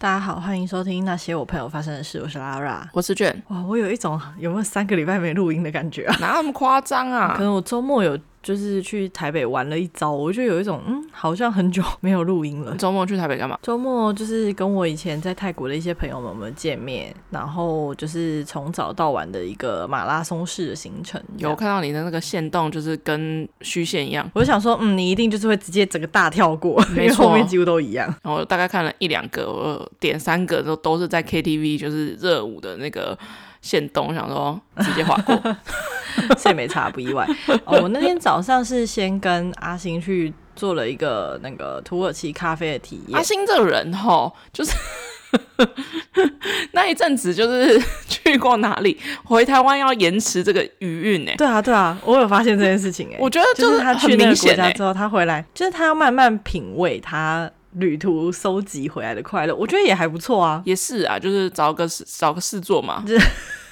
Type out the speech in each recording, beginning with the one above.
大家好，歡迎收聽那些我朋友發生的事。我是 Lara，我是卷。哇，我有一種有沒有三個禮拜沒錄音的感覺啊？哪那麼誇張啊？可能我週末有。就是去台北玩了一遭，我就有一種嗯，好像很久沒有錄音了。周末去台北幹嘛？周末就是跟我以前在泰國的一些朋友們，我們見面，然後就是從早到晚的一個馬拉松式的行程。有看到你的那個限動，就是跟虛線一樣。我想說，嗯，你一定就是會直接整個大跳過，沒錯，後面幾乎都一樣。然後我大概看了一兩個，我點三個都都是在 KTV，就是熱舞的那個。現動想說直接劃過，這 也沒差，不意外。我、 哦、那天早上是先跟阿星去做了一個那個土耳其咖啡的體驗。阿星這個人哈，就是 那一陣子就是去過哪裡，回台灣要延遲這個餘韻哎。對啊，對啊，我有發現這件事情哎、欸。我覺得就是、欸就是、他去那個國家之後，他回來就是他要慢慢品味他旅途蒐集回來的快樂。我覺得也還不錯啊。也是啊，就是找個找個事做嘛。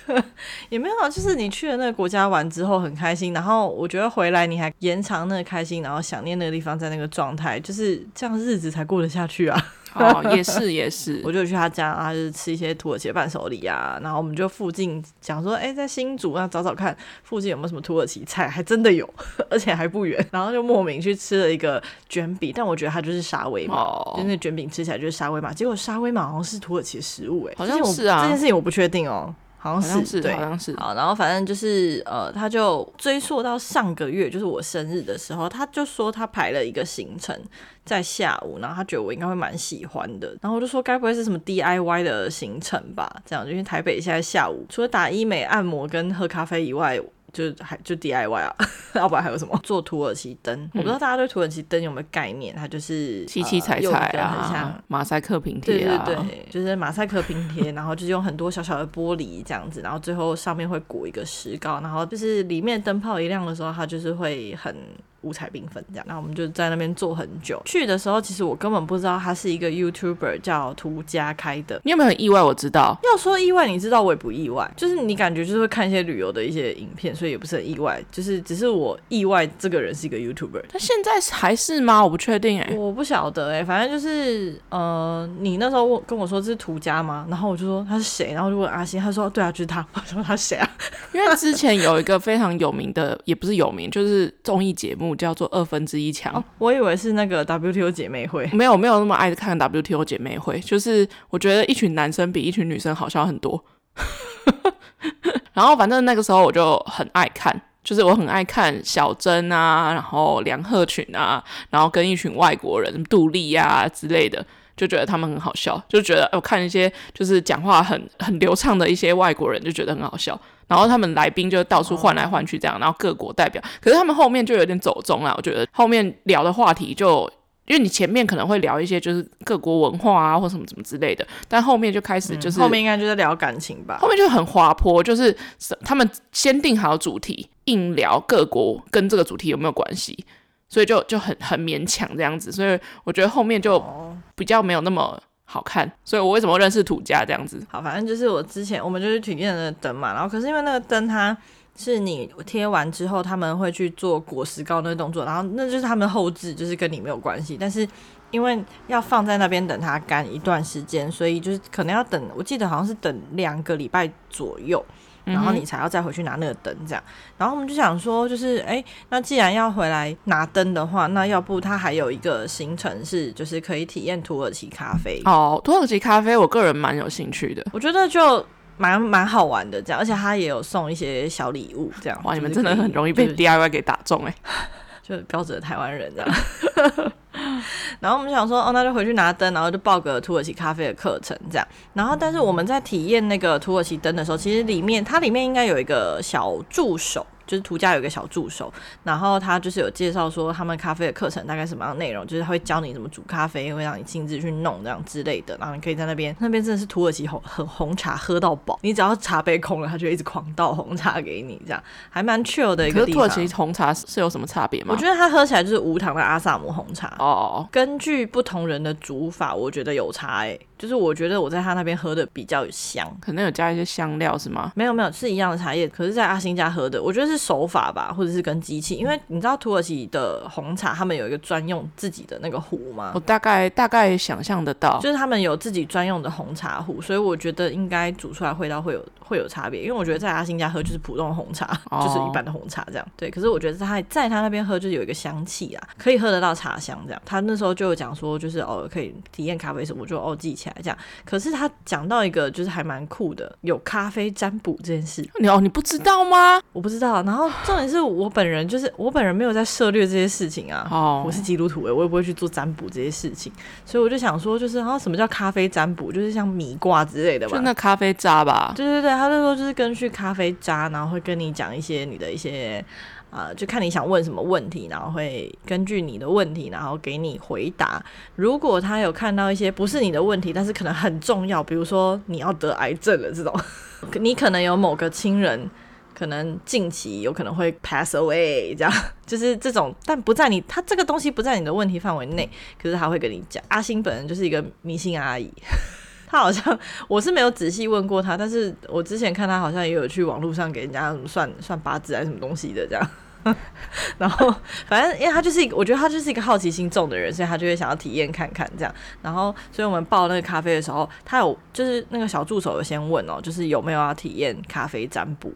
也沒有、啊，就是你去了那個國家玩之後很開心，然後我覺得回來你還延長那個開心，然後想念那個地方，在那個狀態，就是這樣日子才過得下去啊。 哦，也是也是， 我就去他家，啊，就是吃一些土耳其的伴手禮啊，然後我們就附近講說，哎、欸，在新竹啊，找找看附近有沒有什麼土耳其菜，還真的有，而且還不遠，然後就莫名去吃了一個捲餅，但我覺得它就是沙威瑪、哦，就是、那捲餅吃起來就是沙威瑪，結果沙威瑪好像是土耳其食物、欸，哎，好像是啊，這件事情我不確定哦。好像，好像是，對，好，好然後反正就是，呃，他就追溯到上個月，就是我生日的時候，他就說他排了一個行程在下午，然後他覺得我應該會蠻喜歡的，然後我就說該不會是什麼 DIY 的行程吧？這樣，因為台北現在下午除了打醫美、按摩跟喝咖啡以外。就還就 DIY 啊，要不然還有什麼做土耳其燈、嗯？我不知道大家對土耳其燈有沒有概念？它就是七七彩彩啊，很像、啊、馬賽克拼貼、啊。對對對，就是馬賽克拼貼， 然後就是用很多小小的玻璃這樣子，然後最後上面會裹一個石膏，然後就是裡面燈泡一亮的時候，它就是會很。五彩繽紛這樣，那我們就在那邊坐很久。去的時候，其實我根本不知道他是一個 YouTuber，叫涂家開的。你有沒有很意外？我知道。要說意外，你知道我也不意外，就是你感覺就是會看一些旅遊的一些影片，所以也不是很意外。就是只是我意外這個人是一個 YouTuber，他現在還是嗎？我不確定、欸，哎，我不曉得、欸，哎，反正就是嗯、呃、你那時候問跟我說這是涂家嗎？然後我就說他是誰？然後就問阿星，他說對啊，就是他。我說他誰啊？因為之前有一個非常有名的，也不是有名，就是綜藝節目。叫做二分之一強，oh, 我以為是那個 WTO 姐妹會，沒有沒有那麼愛看 WTO 姐妹會，就是我覺得一群男生比一群女生好笑很多。 然後反正那個時候我就很愛看，就是我很愛看小禎啊，然後梁赫群啊，然後跟一群外國人杜力啊之類的，就覺得他們很好笑，就覺得我看一些就是講話很很流暢的一些外國人就覺得很好笑。然後他們來賓就到處換來換去這樣，哦，然後各國代表，可是他們後面就有點走鐘啦，我覺得後面聊的話題就，因為你前面可能會聊一些就是各國文化啊或什麼什麼之類的，但後面就開始就是、嗯、後面應該就是聊感情吧，後面就很滑坡，就是他們先定好主題，硬聊各國跟這個主題有沒有關係，所以就就很很勉強這樣子，所以我覺得後面就比較沒有那麼好看，所以我為什麼認識土家這樣子？好，反正就是我之前我們就是體驗了燈嘛，然後可是因為那個燈它是你貼完之後，他們會去做裹石膏那動作，然後那就是他們後製，就是跟你沒有關係，但是因為要放在那邊等它乾一段時間，所以就是可能要等，我記得好像是等兩個禮拜左右。然後你才要再回去拿那個燈這樣，嗯、然後我們就想說，就是誒，那既然要回來拿燈的話，那要不他還有一個行程是，就是可以體驗土耳其咖啡。哦，土耳其咖啡我個人蠻有興趣的，我覺得就蠻蠻好玩的這樣，而且他也有送一些小禮物這樣。哇，就是、你們真的很容易被 DIY、就是、給打中誒、欸。 就是標準的台灣人這樣， 然後我們想說，哦，那就回去拿燈，然後就報個土耳其咖啡的課程這樣。然後，但是我們在體驗那個土耳其燈的時候，其實裡面它裡面應該有一個小助手。就是圖家有一個小助手，然後他就是有介紹說他們咖啡的課程大概什麼樣內容，就是他會教你怎麼煮咖啡，會讓你親自去弄這樣之類的，然後你可以在那邊，那邊真的是土耳其紅很紅茶喝到飽，你只要茶杯空了，他就一直狂倒紅茶給你，這樣還蠻 chill 的一個地方。土耳其紅茶是有什麼差別嗎？我覺得它喝起來就是無糖的阿薩姆紅茶。哦哦哦，根據不同人的煮法，我覺得有差哎、欸，就是我覺得我在他那邊喝的比較香，可能有加一些香料是嗎？沒有沒有，是一樣的茶葉，可是在阿星家喝的，我覺得是。手法吧，或者是跟機器，因為你知道土耳其的紅茶，他們有一個專用自己的那個壺嗎？我大概大概想象得到，就是他們有自己專用的紅茶壺，所以我覺得應該煮出來味道會有會有差別。因為我覺得在阿星家喝就是普通的紅茶，oh. 就是一般的紅茶這樣。對，可是我覺得在他在他那邊喝就有一個香氣啊，可以喝得到茶香這樣。他那時候就有講說，就是偶爾、哦、可以體驗咖啡什麼，就哦記起來這樣。可是他講到一個就是還蠻酷的，有咖啡占卜這件事。你哦，你不知道嗎？我不知道。然後重點是我本人就是我本人沒有在涉獵這些事情啊，oh. 我是基督徒誒，我也不會去做占卜這些事情，所以我就想說，就是然後什麼叫咖啡占卜？就是像米卦之類的吧，就那咖啡渣吧，對對對，他就說就是根據咖啡渣，然後會跟你講一些你的一些，啊、呃，就看你想問什麼問題，然後會根據你的問題，然後給你回答。如果他有看到一些不是你的問題，但是可能很重要，比如說你要得癌症了這種， 你可能有某個親人。可能近期有可能會 pass away，這樣就是這種，但不在你他這個東西不在你的問題範圍內，可是他會跟你講。阿星本人就是一個迷信阿姨，呵呵，他好像，我是沒有仔細問過他，但是我之前看他好像也有去網絡上給人家什麼算算八字啊什麼東西的這樣，呵呵，然後反正因為他就是一，我覺得他就是一個好奇心重的人，所以他就會想要體驗看看這樣，然後所以我們報那個咖啡的時候，他有，就是那個小助手有先問哦，就是有沒有要體驗咖啡占卜。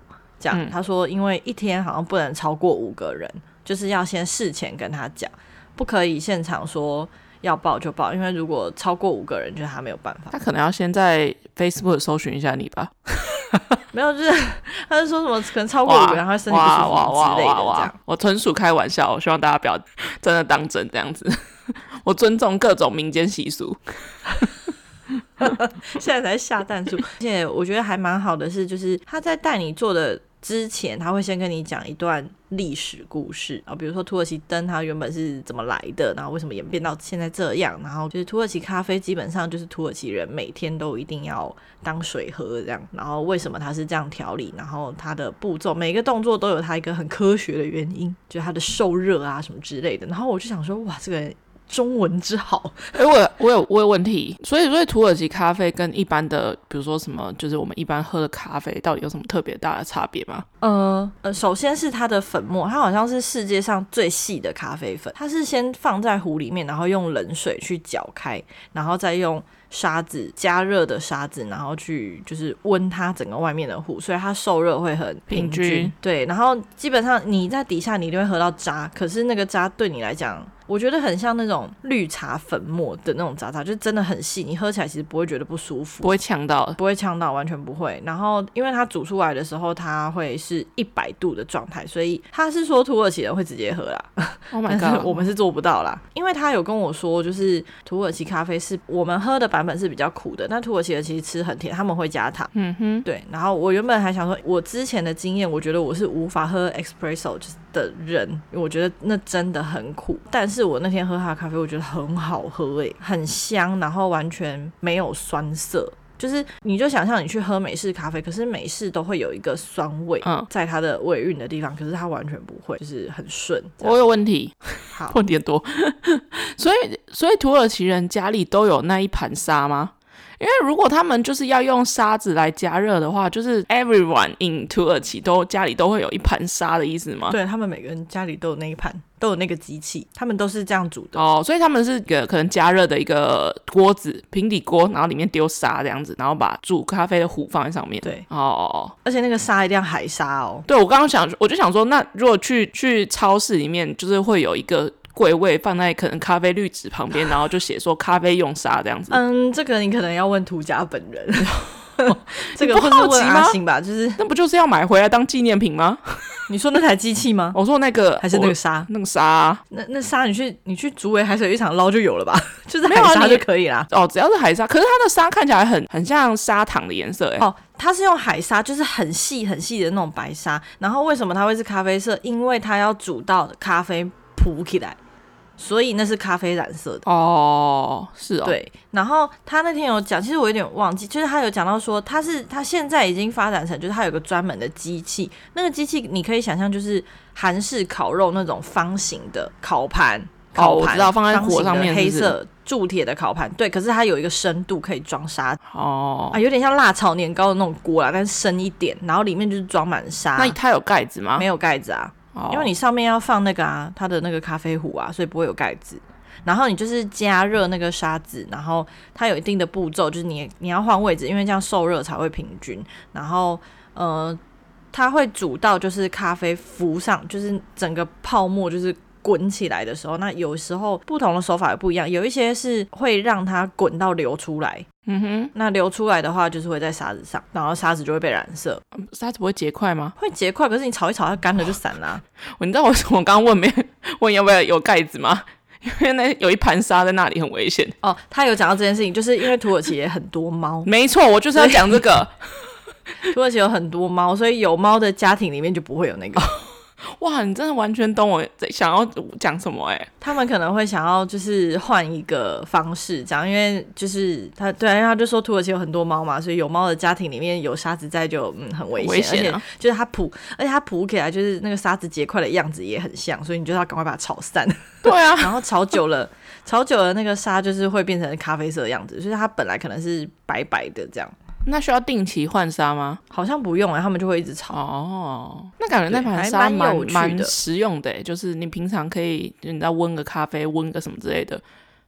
講，他說，因為一天好像不能超過五個人，嗯、就是要先事前跟他講，不可以現場說要報就報，因為如果超過五個人，就他沒有辦法。他可能要先在 Facebook 搜尋一下你吧？嗯、 沒有，就是他就說什麼可能超過五個人，他會身體不舒服之類的，哇哇哇！哇哇哇，我純屬開玩笑，我希望大家不要真的當真這樣子。 我尊重各種民間習俗， 現在才下蛋豬， 而且我覺得還蠻好的是，就是他在帶你做的。之前他會先跟你講一段歷史故事啊，比如說土耳其燈它原本是怎麼來的，然後為什麼演變到現在這樣，然後就是土耳其咖啡基本上就是土耳其人每天都一定要當水喝這樣，然後為什麼它是這樣調理，然後它的步驟每個動作都有它一個很科學的原因，就它的受熱啊什麼之類的，然後我就想說，哇，這個。中文之好，哎、 欸，我我，我有我有問題，所以所以土耳其咖啡跟一般的，比如說什麼，就是我們一般喝的咖啡，到底有什麼特別大的差別嗎？呃呃，首先是它的粉末，它好像是世界上最細的咖啡粉，它是先放在壺裡面，然後用冷水去攪開，然後再用。沙子加熱的沙子，然後去就是溫它整個外面的壺，所以它受熱會很平均，平均。對，然後基本上你在底下你一定會喝到渣，可是那個渣對你來講，我覺得很像那種綠茶粉末的那種渣渣，就真的很細，你喝起來其實不會覺得不舒服，不會嗆到，不會嗆到，完全不會。然後因為它煮出來的時候，它會是一百度的狀態，所以他是說土耳其人會直接喝啦，Oh my God 但是我們是做不到啦，因為他有跟我說，就是土耳其咖啡是我們喝的百分。原本是比較苦的，那土耳其的其實吃很甜，他們會加糖。嗯哼，對。然後我原本還想說，我之前的經驗，我覺得我是無法喝 Espresso 的人，因為我覺得那真的很苦。但是我那天喝他的咖啡，我覺得很好喝，欸，哎，很香，然後完全沒有酸澀。就是，你就想象你去喝美式咖啡，可是美式都會有一個酸味在它的尾韻的地方，嗯、可是它完全不會，就是很順。我有問題，好，問題多。 所以，所以土耳其人家裡都有那一盤沙嗎？因為如果他們就是要用沙子來加熱的話，就是 everyone in 土耳其都家裡都會有一盤沙的意思嗎？對，他們每個人家裡都有那一盤，都有那個機器，他們都是這樣煮的。哦，所以他們是個可能加熱的一個鍋子，平底鍋，然後裡面丟沙這樣子，然後把煮咖啡的壺放在上面。對，哦哦哦，而且那個沙一定要海沙哦。對，我剛剛想，我就想說，那如果去去超市裡面，就是會有一個。櫃位放在可能咖啡濾紙旁邊，然後就寫說咖啡用沙這樣子。嗯，這個你可能要問塗家本人。 這個、哦、不好問嗎？問吧，就是那不就是要買回來當紀念品嗎？你說那台機器嗎？ 我說那個還是那個沙，那個沙、啊，那那沙你去你去竹圍海水浴場撈就有了吧？ 就是海沙就可以啦。哦，只要是海沙，可是它的沙看起來很很像砂糖的顏色。哎，哦，它是用海沙，就是很細很細的那種白沙。然後為什麼它會是咖啡色？因為它要煮到咖啡。鋪起來，所以那是咖啡染色的哦？是哦，對。然後他那天有講，其實我有點忘記，就是他有講到說，他是他現在已經發展成，就是他有個專門的機器，那個機器你可以想象就是韓式烤肉那種方形的烤盤，烤盤、哦，我知道，放在火上面，黑色鑄鐵的烤盤，對。可是它有一個深度可以裝沙，哦，啊，有點像辣炒年糕的那種鍋啦，但是深一點，然後裡面就是裝滿沙。那它有蓋子嗎？沒有蓋子啊。因為你上面要放那個啊，它的那個咖啡壺啊，所以不會有蓋子。然後你就是加熱那個沙子，然後它有一定的步驟，就是你你要換位置，因為這樣受熱才會平均。然後呃，它會煮到就是咖啡浮上，就是整個泡沫就是。滾起來的時候，那有時候不同的手法也不一樣，有一些是會讓它滾到流出來。嗯哼，那流出來的話，就是會在沙子上，然後沙子就會被染色。沙子不會結塊嗎？會結塊，可是你炒一炒，它乾了就散啦、啊。你、哦、知道我我剛剛問沒問要不要有蓋子嗎？因為那有一盤沙在那裡很危險。哦，他有講到這件事情，就是因為土耳其也很多貓。 沒錯，我就是要講這個。 土耳其有很多貓，所以有貓的家庭裡面就不會有那個。哦。哇，你真的完全懂我想要講什麼誒、欸，他們可能會想要就是換一個方式講，因為就是他對、啊，因為他就說土耳其有很多貓嘛，所以有貓的家庭裡面有沙子在就嗯很危險，就是它撲，而且它撲起來就是那個沙子結塊的樣子也很像，所以你就要趕快把它炒散。對啊， 然後炒久了，炒久了那個沙就是會變成咖啡色的樣子，所以它本來可能是白白的這樣。那需要定期換沙嗎？好像不用哎、欸，他們就會一直炒。哦，那感覺那盤沙蠻蠻實用的，欸，就是你平常可以，就你知道溫個咖啡，溫個什麼之類的，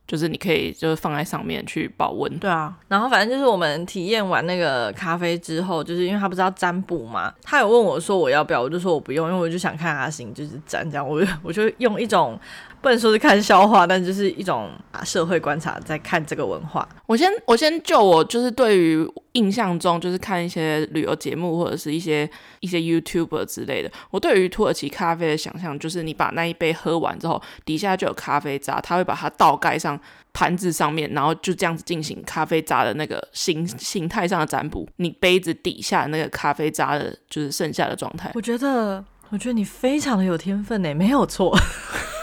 就是你可以就是放在上面去保溫。對啊，然後反正就是我們體驗完那個咖啡之後，就是因為他不是要占卜嘛，他有問我說我要不要，我就說我不用，因為我就想看阿星就是占這樣，我就我就用一種。不能說是看笑話，但就是一種啊社會觀察，在看這個文化。我先我先就我就是對於印象中就是看一些旅遊節目或者是一些一些 YouTuber 之類的，我對於土耳其咖啡的想象就是你把那一杯喝完之後，底下就有咖啡渣，它會把它倒蓋上盤子上面，然後就這樣子進行咖啡渣的那個形形態上的占卜，你杯子底下的那個咖啡渣的就是剩下的狀態。我覺得，我覺得你非常的有天分呢，沒有錯。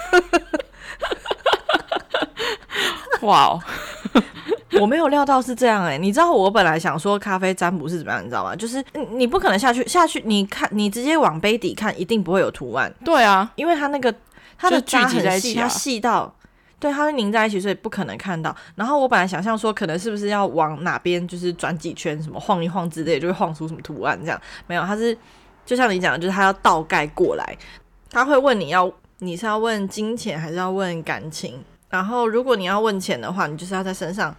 哇哦，我沒有料到是這樣哎、欸！你知道我本來想說咖啡占卜是怎麼樣，你知道嗎？就是你不可能下去下去，你看你直接往杯底看，一定不會有圖案。對啊，因為它那個它的渣很細、啊，它細到對，它會擰在一起，所以不可能看到。然後我本來想象說，可能是不是要往哪邊就是轉幾圈，什麼晃一晃之類，就會晃出什麼圖案這樣？沒有，它是就像你講的，就是它要倒蓋過來，他會問你要，你是要問金錢還是要問感情？然後，如果你要問錢的話，你就是要在身上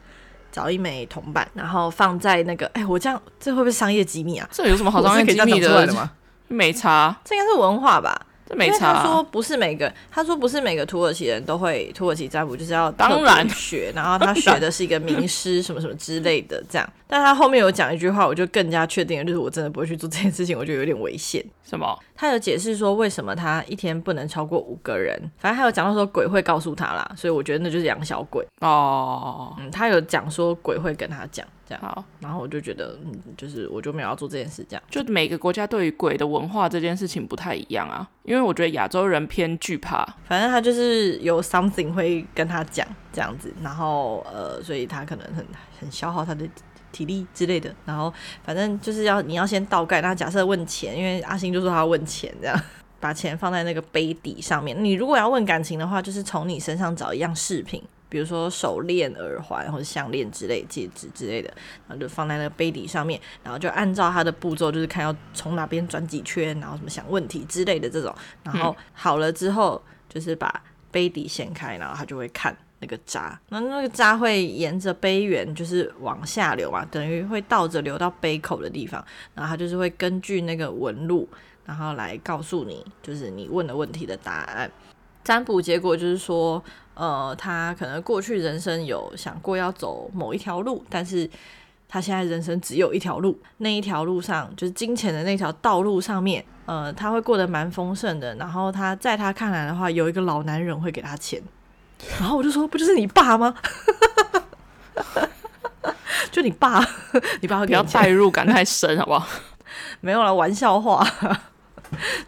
找一枚銅板，然後放在那個……哎、欸，我這樣這會不會商業機密啊？這有什麼好商業機密的、啊、嗎？沒差這，這應該是文化吧？這沒差。他說不是每個，他說不是每個土耳其人都會土耳其占卜，就是要當然學，然後他學的是一個名師什麼什麼之類的這樣。 但他後面有講一句話，我就更加確定了，就是我真的不會去做這件事情，我覺得有點危險。什麼？他有解釋說為什麼他一天不能超過五個人，反正他有講到說鬼會告訴他啦，所以我覺得那就是養小鬼哦。Oh. 嗯，他有講說鬼會跟他講這樣，好，Oh. 然後我就覺得，嗯，就是我就沒有要做這件事，這樣。就每個國家對於鬼的文化這件事情不太一樣啊，因為我覺得亞洲人偏懼怕，反正他就是有 something 會跟他講這樣子，然後呃，所以他可能很很消耗他的體力之類的，然後反正就是要你要先倒蓋。那假設問錢，因為阿星就說他要問錢，這樣把錢放在那個杯底上面。你如果要問感情的話，就是從你身上找一樣飾品，比如說手鏈、耳環或者項鏈之類、戒指之類的，然後就放在那個杯底上面，然後就按照他的步驟，就是看要從哪邊轉幾圈，然後什麼想問題之類的這種。然後好了之後，就是把杯底掀開，然後他就會看。那個渣，那那個渣會沿着杯緣，就是往下流嘛、啊，等於會倒着流到杯口的地方。然後他就是會根據那個紋路，然後來告訴你，就是你問的問題的答案。占卜結果就是說，呃，他可能過去人生有想過要走某一條路，但是他現在人生只有一條路，那一條路上就是金錢的那條道路上面，呃，他會過得蠻豐盛的。然後他在他看來的話，有一個老男人會給他錢。然後我就說，不就是你爸嗎？ 就你爸，你爸會比較代入感太深，好不好？ 沒有啦，玩笑話，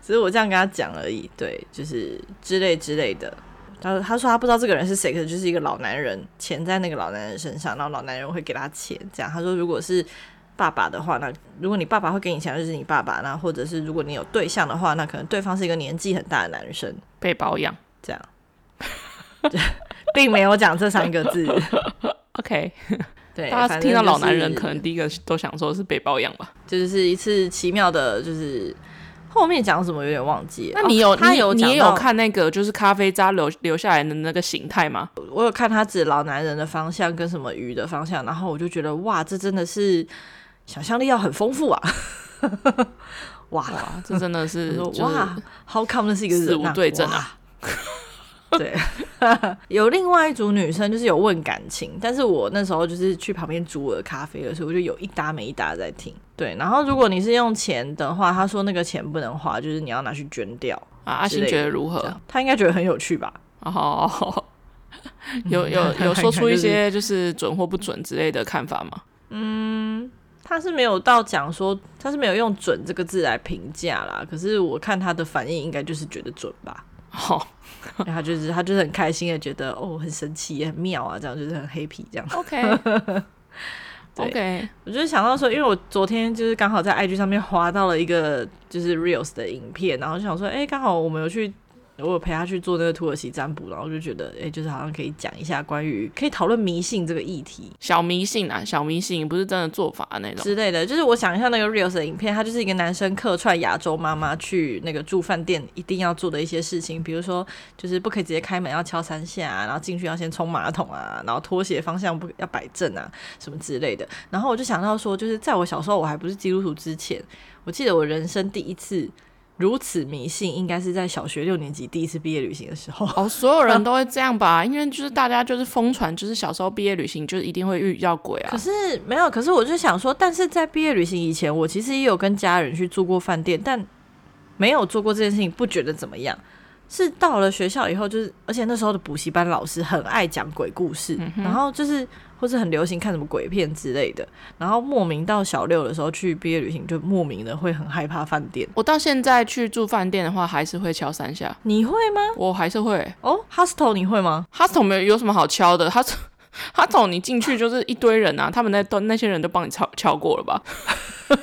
只是我這樣跟他講而已。對，就是之類之類的。他說，他說他不知道這個人是誰，可能就是一個老男人，錢在那個老男人身上，然後老男人會給他錢，這樣。他說，如果是爸爸的話，那如果你爸爸會給你錢，就是你爸爸。那或者是如果你有對象的話，那可能對方是一個年紀很大的男生，被包養這樣。 並沒有講這三個字。OK， 對、就是，大家聽到老男人，可能第一個都想說是被包養吧。就是一次奇妙的，就是後面講什麼有點忘記了。那你有、哦、你他有你也有看那個就是咖啡渣留留下來的那個形態嗎？我有看他指老男人的方向跟什麼魚的方向，然後我就覺得哇，這真的是想象力要很豐富啊 哇哇！哇，這真的是、就是、 哇，How come 那是一個事無對證啊？ 對，有另外一組女生就是有問感情，但是我那時候就是去旁邊煮我的咖啡的時候，我就有一搭沒一搭在聽。對，然後如果你是用錢的話，他說那個錢不能花，就是你要拿去捐掉。啊。阿星覺得如何？他應該覺得很有趣吧？哦，哦哦有有有說出一些就是準或不準之類的看法嗎？ 就是、嗯，他是沒有到講說，他是沒有用準這個字來評價啦。可是我看他的反應，應該就是覺得準吧？好、哦。然 後就是他就是很開心的覺得哦，很神奇也很妙啊，這樣就是很黑皮這樣。OK OK，我就是想到說，因為我昨天就是剛好在 IG 上面滑到了一個就是 Reels 的影片，然後就想說，哎、欸，剛好我們有去。我有陪他去做那個土耳其占卜，然後就覺得，哎、欸，就是好像可以講一下關於可以討論迷信這個議題，小迷信啊，小迷信，不是真的做法、啊、那種之類的。就是我想一下那個 Reels 的影片，他就是一個男生客串亞洲媽媽去那個住飯店一定要做的一些事情，比如說就是不可以直接開門，要敲三下啊，然後進去要先沖馬桶啊，然後拖鞋方向不要擺正啊，什麼之類的。然後我就想到說，就是在我小時候我還不是基督徒之前，我記得我人生第一次。如此迷信，應該是在小學六年級第一次畢業旅行的時候。好、哦，所有人都會這樣吧？ 因為就是大家就是瘋傳，就是小時候畢業旅行就是一定會遇到鬼啊。可是沒有，可是我就想說，但是在畢業旅行以前，我其實也有跟家人去住過飯店，但沒有做過這件事情，不覺得怎麼樣。是到了學校以後，就是而且那時候的補習班老師很愛講鬼故事、嗯，然後就是。不是很流行看什麼鬼片之類的，然後莫名到小六的時候去畢業旅行，就莫名的會很害怕飯店。我到現在去住飯店的話，還是會敲三下。你會嗎？我還是會。哦，hostel 你會嗎？hostel 沒有有什麼好敲的，hostel、嗯、hostel 你進去就是一堆人啊，他們那都那些人都幫你敲敲過了吧。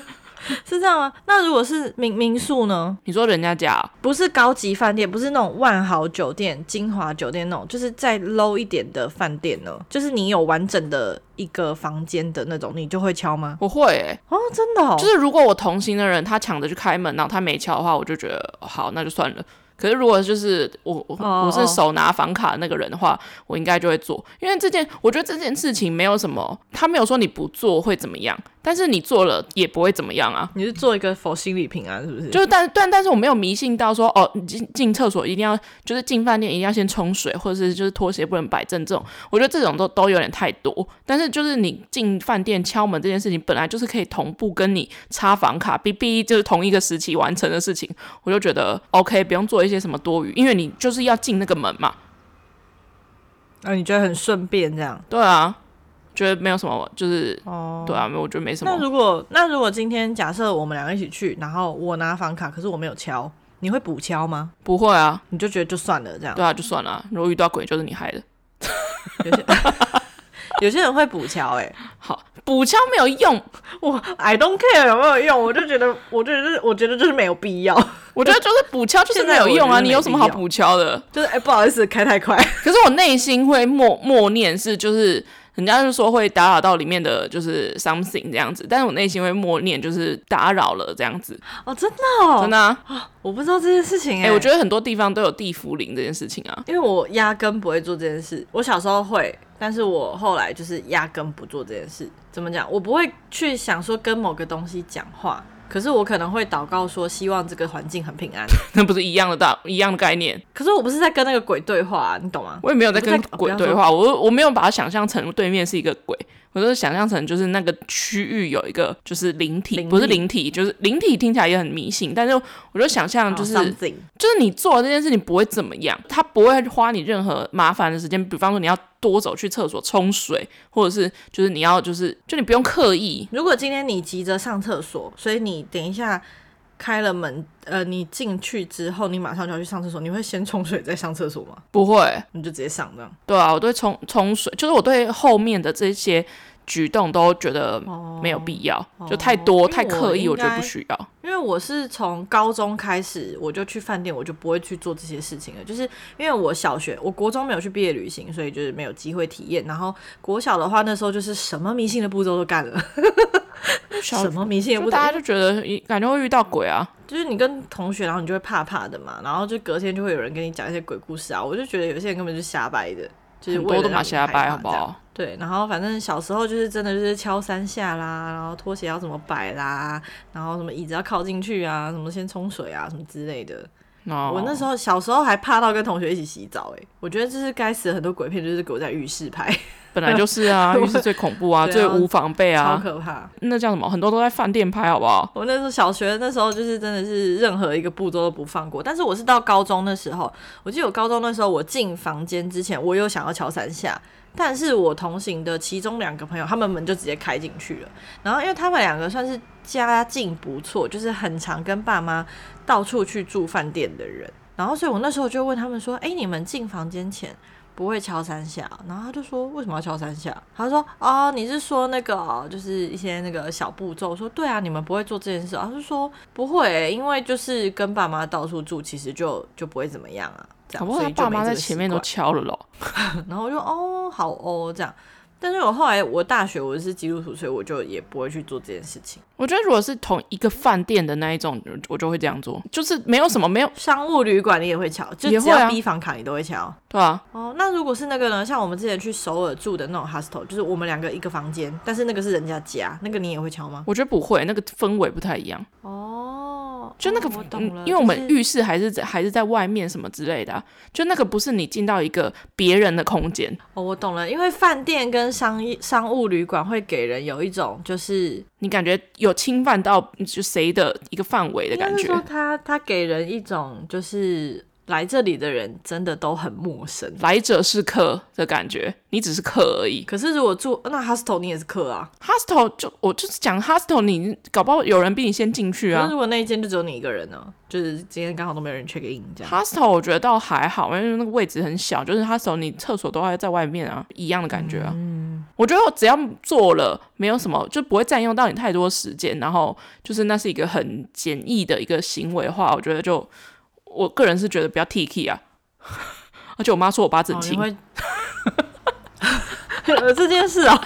是這樣嗎？那如果是民民宿呢？你說人家家、喔，不是高級飯店，不是那種萬豪酒店、精華酒店那種，就是再 low 一點的飯店呢？就是你有完整的一個房間的那種，你就會敲嗎？我會誒、欸，哦，真的、喔，就是如果我同行的人他搶着去開門，然後他沒敲的話，我就覺得好，那就算了。可是如果就是我 oh, oh. 我是手拿房卡的那個人的話，我應該就會做，因為這件我覺得這件事情沒有什麼，他沒有說你不做會怎麼樣，但是你做了也不會怎麼樣啊。你是做一個 for 心理平安是不是？就是但但但是我沒有迷信到說，哦，進進廁所一定要就是進飯店一定要先沖水，或者是就是拖鞋不能擺正這種，我覺得這種都都有點太多。但是就是你進飯店敲門這件事情本來就是可以同步跟你插房卡，bb 就是同一個時期完成的事情，我就覺得 OK 不用做一些什麼多餘？因為你就是要進那個門嘛。啊，你覺得很順便這樣？對啊，覺得沒有什麼，就是、哦、對啊，我覺得沒什麼。那如果那如果今天假設我們兩個一起去，然後我拿房卡，可是我沒有敲，你會補敲嗎？不會啊，你就覺得就算了這樣。對啊，就算了。如果遇到鬼，就是你害的。有些 有些人會補敲哎、欸。好。補槍沒有用，我 I don't care 有沒有用，我就覺得，我覺得、就是，我覺得就是沒有必要。 我覺得就是補槍就是沒有用啊，你有什麼好補槍的？就是哎、欸，不好意思，開太快。 可是我內心會默默念是就是。很多人家是說會打擾到裡面的，就是 something 這樣子，但是我內心會默念，就是打擾了這樣子。哦，真的，哦，真的啊，我不知道這件事情、欸。哎、欸，我覺得很多地方都有地縛靈這件事情啊。因為我壓根不會做這件事，我小時候會，但是我後來就是壓根不做這件事。怎麼講？我不會去想說跟某個東西講話。可是我可能會禱告說，希望這個環境很平安， 那不是一樣的道，一樣的概念。可是我不是在跟那個鬼對話、啊，你懂嗎？我也沒有在跟鬼對話，我、哦、我，我沒有把它想象成對面是一個鬼。我就想象成，就是那個區域有一個，就是靈體靈，不是靈體，就是靈體聽起來也很迷信。但是我就想象就是、哦，就是你做了這件事，你不會怎麼樣，它不會花你任何麻煩的時間。比方說，你要多走去廁所沖水，或者是就是你要就是，就你不用刻意。如果今天你急着上廁所，所以你等一下。開了門，呃，你進去之後，你馬上就要去上廁所，你會先沖水再上廁所嗎？不會，你就直接上，這樣。對啊，我對沖沖水，就是我對後面的這些。舉動都覺得沒有必要，oh, oh. 就太多太刻意，我覺得不需要。因為我是從高中開始，我就去飯店，我就不會去做這些事情了。就是因為我小學、我國中沒有去畢業旅行，所以就是沒有機會體驗。然後國小的話，那時候就是什麼迷信的步驟都幹了， 什麼迷信的步驟大家就覺得感覺會遇到鬼啊、嗯。就是你跟同學，然後你就會怕怕的嘛，然後就隔天就會有人跟你講一些鬼故事啊。我就覺得有些人根本就是瞎掰的，就是我都蠻瞎掰，好不好？對，然後反正小時候就是真的就是敲三下啦，然後拖鞋要怎麼擺啦，然後什麼椅子要靠進去啊，什麼先沖水啊，什麼之類的。Oh. 我那時候小時候還怕到跟同學一起洗澡，欸，誒，我覺得這是該死的很多鬼片就是躲在浴室拍，本來就是啊， 浴室最恐怖啊，對啊，最無防備啊，超可怕。那叫什麼？很多都在飯店拍，好不好？我那時候小學那時候就是真的是任何一個步驟都不放過，但是我是到高中那時候，我記得我高中那時候我進房間之前，我又想要敲三下。但是我同行的其中兩個朋友，他們門就直接開進去了。然後，因為他們兩個算是家境不錯，就是很常跟爸媽到處去住飯店的人。然後，所以我那時候就問他們說：“哎，你們進房間前不會敲三下啊？”然後他就說：“為什麼要敲三下？”他說：“哦，你是說那個就是一些那個小步驟？”說：“對啊，你們不會做這件事啊。”他就說：“不會欸，因為就是跟爸媽到處住，其實就就不會怎麼樣啊。”可是我爸媽在前面都敲了嘍，好好了。 然後我就哦好哦這樣，但是我後來我大學我是基督徒，所以我就也不會去做這件事情。我覺得如果是同一個飯店的那一種我，我就會這樣做，就是沒有什麼沒有、嗯、商務旅館，你也會敲，就只要 B 房卡你都會敲。對啊。哦，那如果是那個呢？像我們之前去首爾住的那種 hostel，就是我們兩個一個房間，但是那個是人家家，那個你也會敲嗎？我覺得不會，那個氛圍不太一樣。哦。就那個，哦、我懂了，因為我們浴室還是在、就是、還是在外面什麼之類的、啊。就那個不是你進到一個別人的空間。哦，我懂了，因為飯店跟商業商務旅館會給人有一種就是你感覺有侵犯到就誰的一個範圍的感覺。說他他給人一種就是。來這裡的人真的都很陌生，來者是客的感覺，你只是客而已。可是如果住那 hostel，你也是客啊。hostel 就我就是講 hostel，你搞不好有人比你先進去啊。如果那一間就只有你一個人呢？啊，就是今天剛好都沒有人 check in 這樣。hostel 我覺得倒還好，因為那個位置很小，就是 hostel 你廁所都還在外面啊，一樣的感覺啊。嗯、我覺得我只要做了沒有什麼、嗯，就不會佔用到你太多時間，然後就是那是一個很簡易的一個行為的話，我覺得就。我個人是覺得比較 ticky 啊，而且我媽說我八字輕，因為、哦、 這件事啊、哦，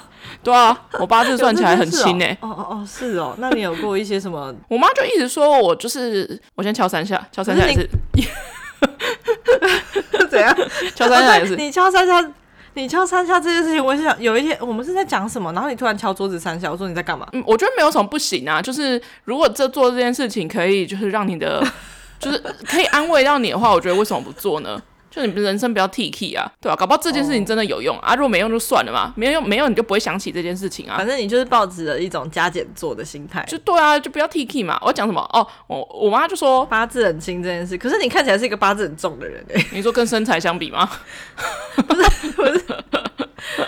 對啊，我八字算起來很輕哎、欸哦，哦哦哦，是哦，那你有過一些什麼？ 我媽就一直說我就是，我先敲三下，敲三下也是，怎樣？ 敲三下也是，你敲三下，你敲三下這件事情，我也是想有一些，我們是在講什麼？然後你突然敲桌子三下，我說你在幹嘛？嗯，我覺得沒有什麼不行啊，就是如果這做這件事情可以，就是讓你的。 就是可以安慰到你的話，我覺得為什麼不做呢？ 就你們人生不要鐵齒啊，對吧、啊？搞不好這件事情真的有用、oh. 啊！如果沒用就算了嘛，沒有用沒有用你就不會想起這件事情啊。反正你就是抱着一種加減做的心態，就對啊，就不要鐵齒嘛。我要講什麼？哦，我我媽就說八字很輕這件事，可是你看起來是一個八字很重的人誒。你說跟身材相比嗎？ 不是不是，不是，不是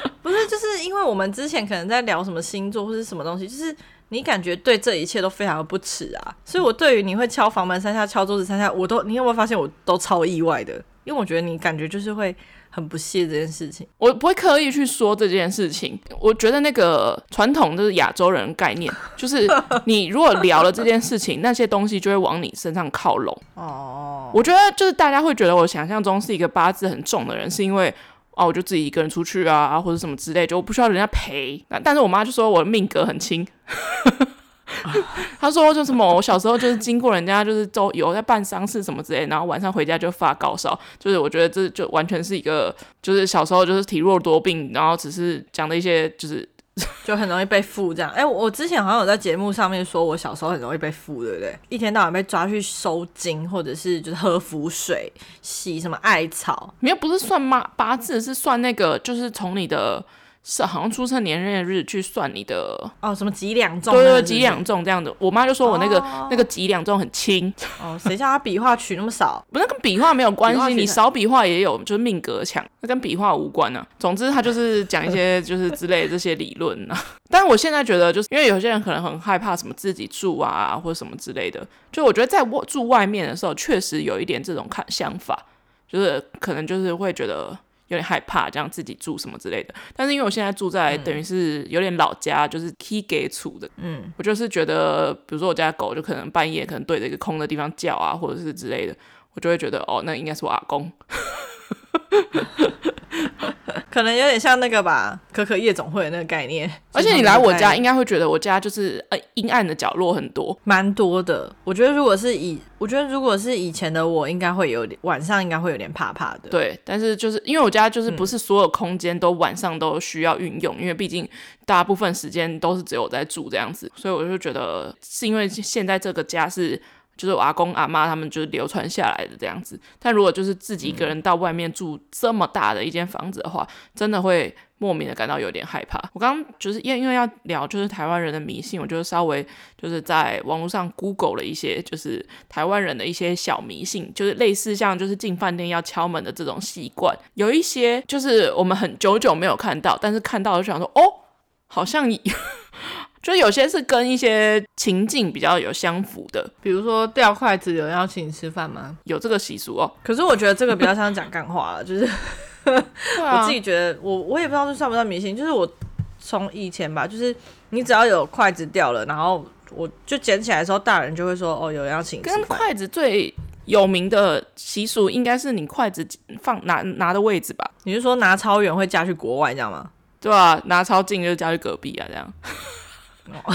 不是，就是因為我們之前可能在聊什麼星座或是什麼東西，就是。你感覺對這一切都非常的不齒啊，所以我對於你會敲房門三下，敲桌子三下，我都，你有沒有發現我都超意外的？因為我覺得你感覺就是會很不屑這件事情，我不會刻意去說這件事情。我覺得那個傳統就是亞洲人概念，就是你如果聊了這件事情， 那些東西就會往你身上靠攏。哦，我覺得就是大家會覺得我想象中是一個八字很重的人，是因為。哦、啊，我就自己一個人出去啊，或者什麼之類，就不需要人家陪。啊、但是我媽就說我的命格很輕， 她說就什麼，我小時候就是經過人家就是都有在辦喪事什麼之類，然後晚上回家就發高燒，就是我覺得這就完全是一個，就是小時候就是體弱多病，然後只是講的一些就是。 就很容易被附。這樣，哎，欸，我之前好像有在節目上面說我小時候很容易被附，對不對？一天到晚被抓去收驚，或者是就是喝符水、洗什麼艾草，你又不是算媽八字，是算那個就是從你的。是，啊，好像出生年月日去算你的哦，什麼幾兩重是不是？對對，對，幾兩重這樣子的。我媽就說我那個、哦、那個幾兩重很輕哦，誰叫她筆畫取那麼少？ 不是，那跟筆畫沒有關係，你少筆畫也有，就是命格強，那跟筆畫無關呢、啊。總之，他就是講一些就是之類的這些理論啊。 但是我現在覺得，就是因為有些人可能很害怕什麼自己住啊，或者什麼之類的。就我覺得在我住外面的時候，確實有一點這種看想法，就是可能就是會覺得。有點害怕，這樣自己住什麼之類的。但是因為我現在住在等於是有點老家，嗯、就是起家厝的，嗯，我就是覺得，比如說我家狗，就可能半夜可能對着一個空的地方叫啊，或者是之類的，我就會覺得哦，那應該是我阿公。 可能有點像那個吧，可可夜總會的那個概念。而且你來我家，應該會覺得我家就是呃陰暗的角落很多，蠻多的。我覺得如果是以，我覺得如果是以前的我，應該會有點晚上應該會有點怕怕的。對，但是就是因為我家就是不是所有空間都晚上都需要運用，嗯，因為畢竟大部分時間都是只有在住這樣子，所以我就覺得是因為現在這個家是。就是我阿公阿媽他們就是流傳下來的這樣子，但如果就是自己一個人到外面住這麼大的一間房子的話，真的會莫名的感到有點害怕。我剛剛就是因為因為要聊就是台灣人的迷信，我就稍微就是在網絡上 Google 了一些就是台灣人的一些小迷信，就是類似像就是進飯店要敲門的這種習慣，有一些就是我們很久久沒有看到，但是看到了就想說哦，好像你。 就有些是跟一些情境比較有相符的，比如說掉筷子，有人要請你吃飯嗎？有這個習俗哦。可是我覺得這個比較像講幹話了， 就是、啊、我自己覺得我，我我也不知道這算不算迷信，就是我從以前吧，就是你只要有筷子掉了，然後我就撿起來的時候，大人就會說，哦，有人要請吃飯。跟筷子最有名的習俗應該是你筷子放拿拿的位置吧？你是說拿超遠會嫁去國外，這樣嗎？對啊，拿超近就嫁去隔壁啊，這樣。哦，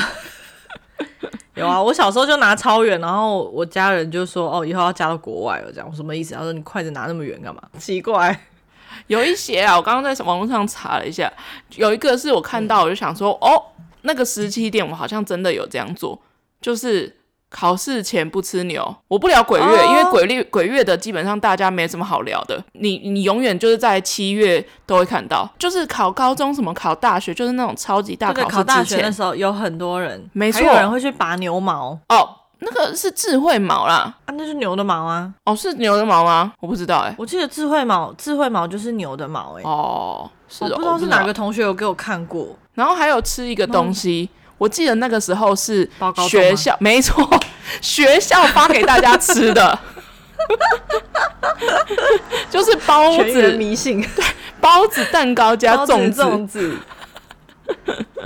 有啊！我小時候就拿超遠，然後我家人就說：“哦，以後要嫁到國外了。”我講我什麼意思？他說：“你筷子拿那麼遠幹嘛？”奇怪， 有一些啊，我剛剛在網絡上查了一下，有一個是我看到，嗯、我就想說：“哦，那個十七點，我好像真的有這樣做，就是。”考試前不吃牛，我不聊鬼月，哦、因為鬼月，鬼月的基本上大家沒什麼好聊的，你，你永遠就是在七月都會看到，就是考高中什麼考大學，就是那種超級大考之前。對，這個，考大學的時候有很多人，沒錯，還有人會去拔牛毛哦，那個是智慧毛啦啊，那是牛的毛啊，哦，是牛的毛嗎？我不知道誒、欸，我記得智慧毛，智慧毛就是牛的毛誒、欸。哦，是，哦，我不知道是哪個同學有給我看過，然後還有吃一個東西。嗯我記得那個時候是學校，沒錯，學校發給大家吃的， 就是包子迷信，對，包子、蛋糕加粽子，子粽子。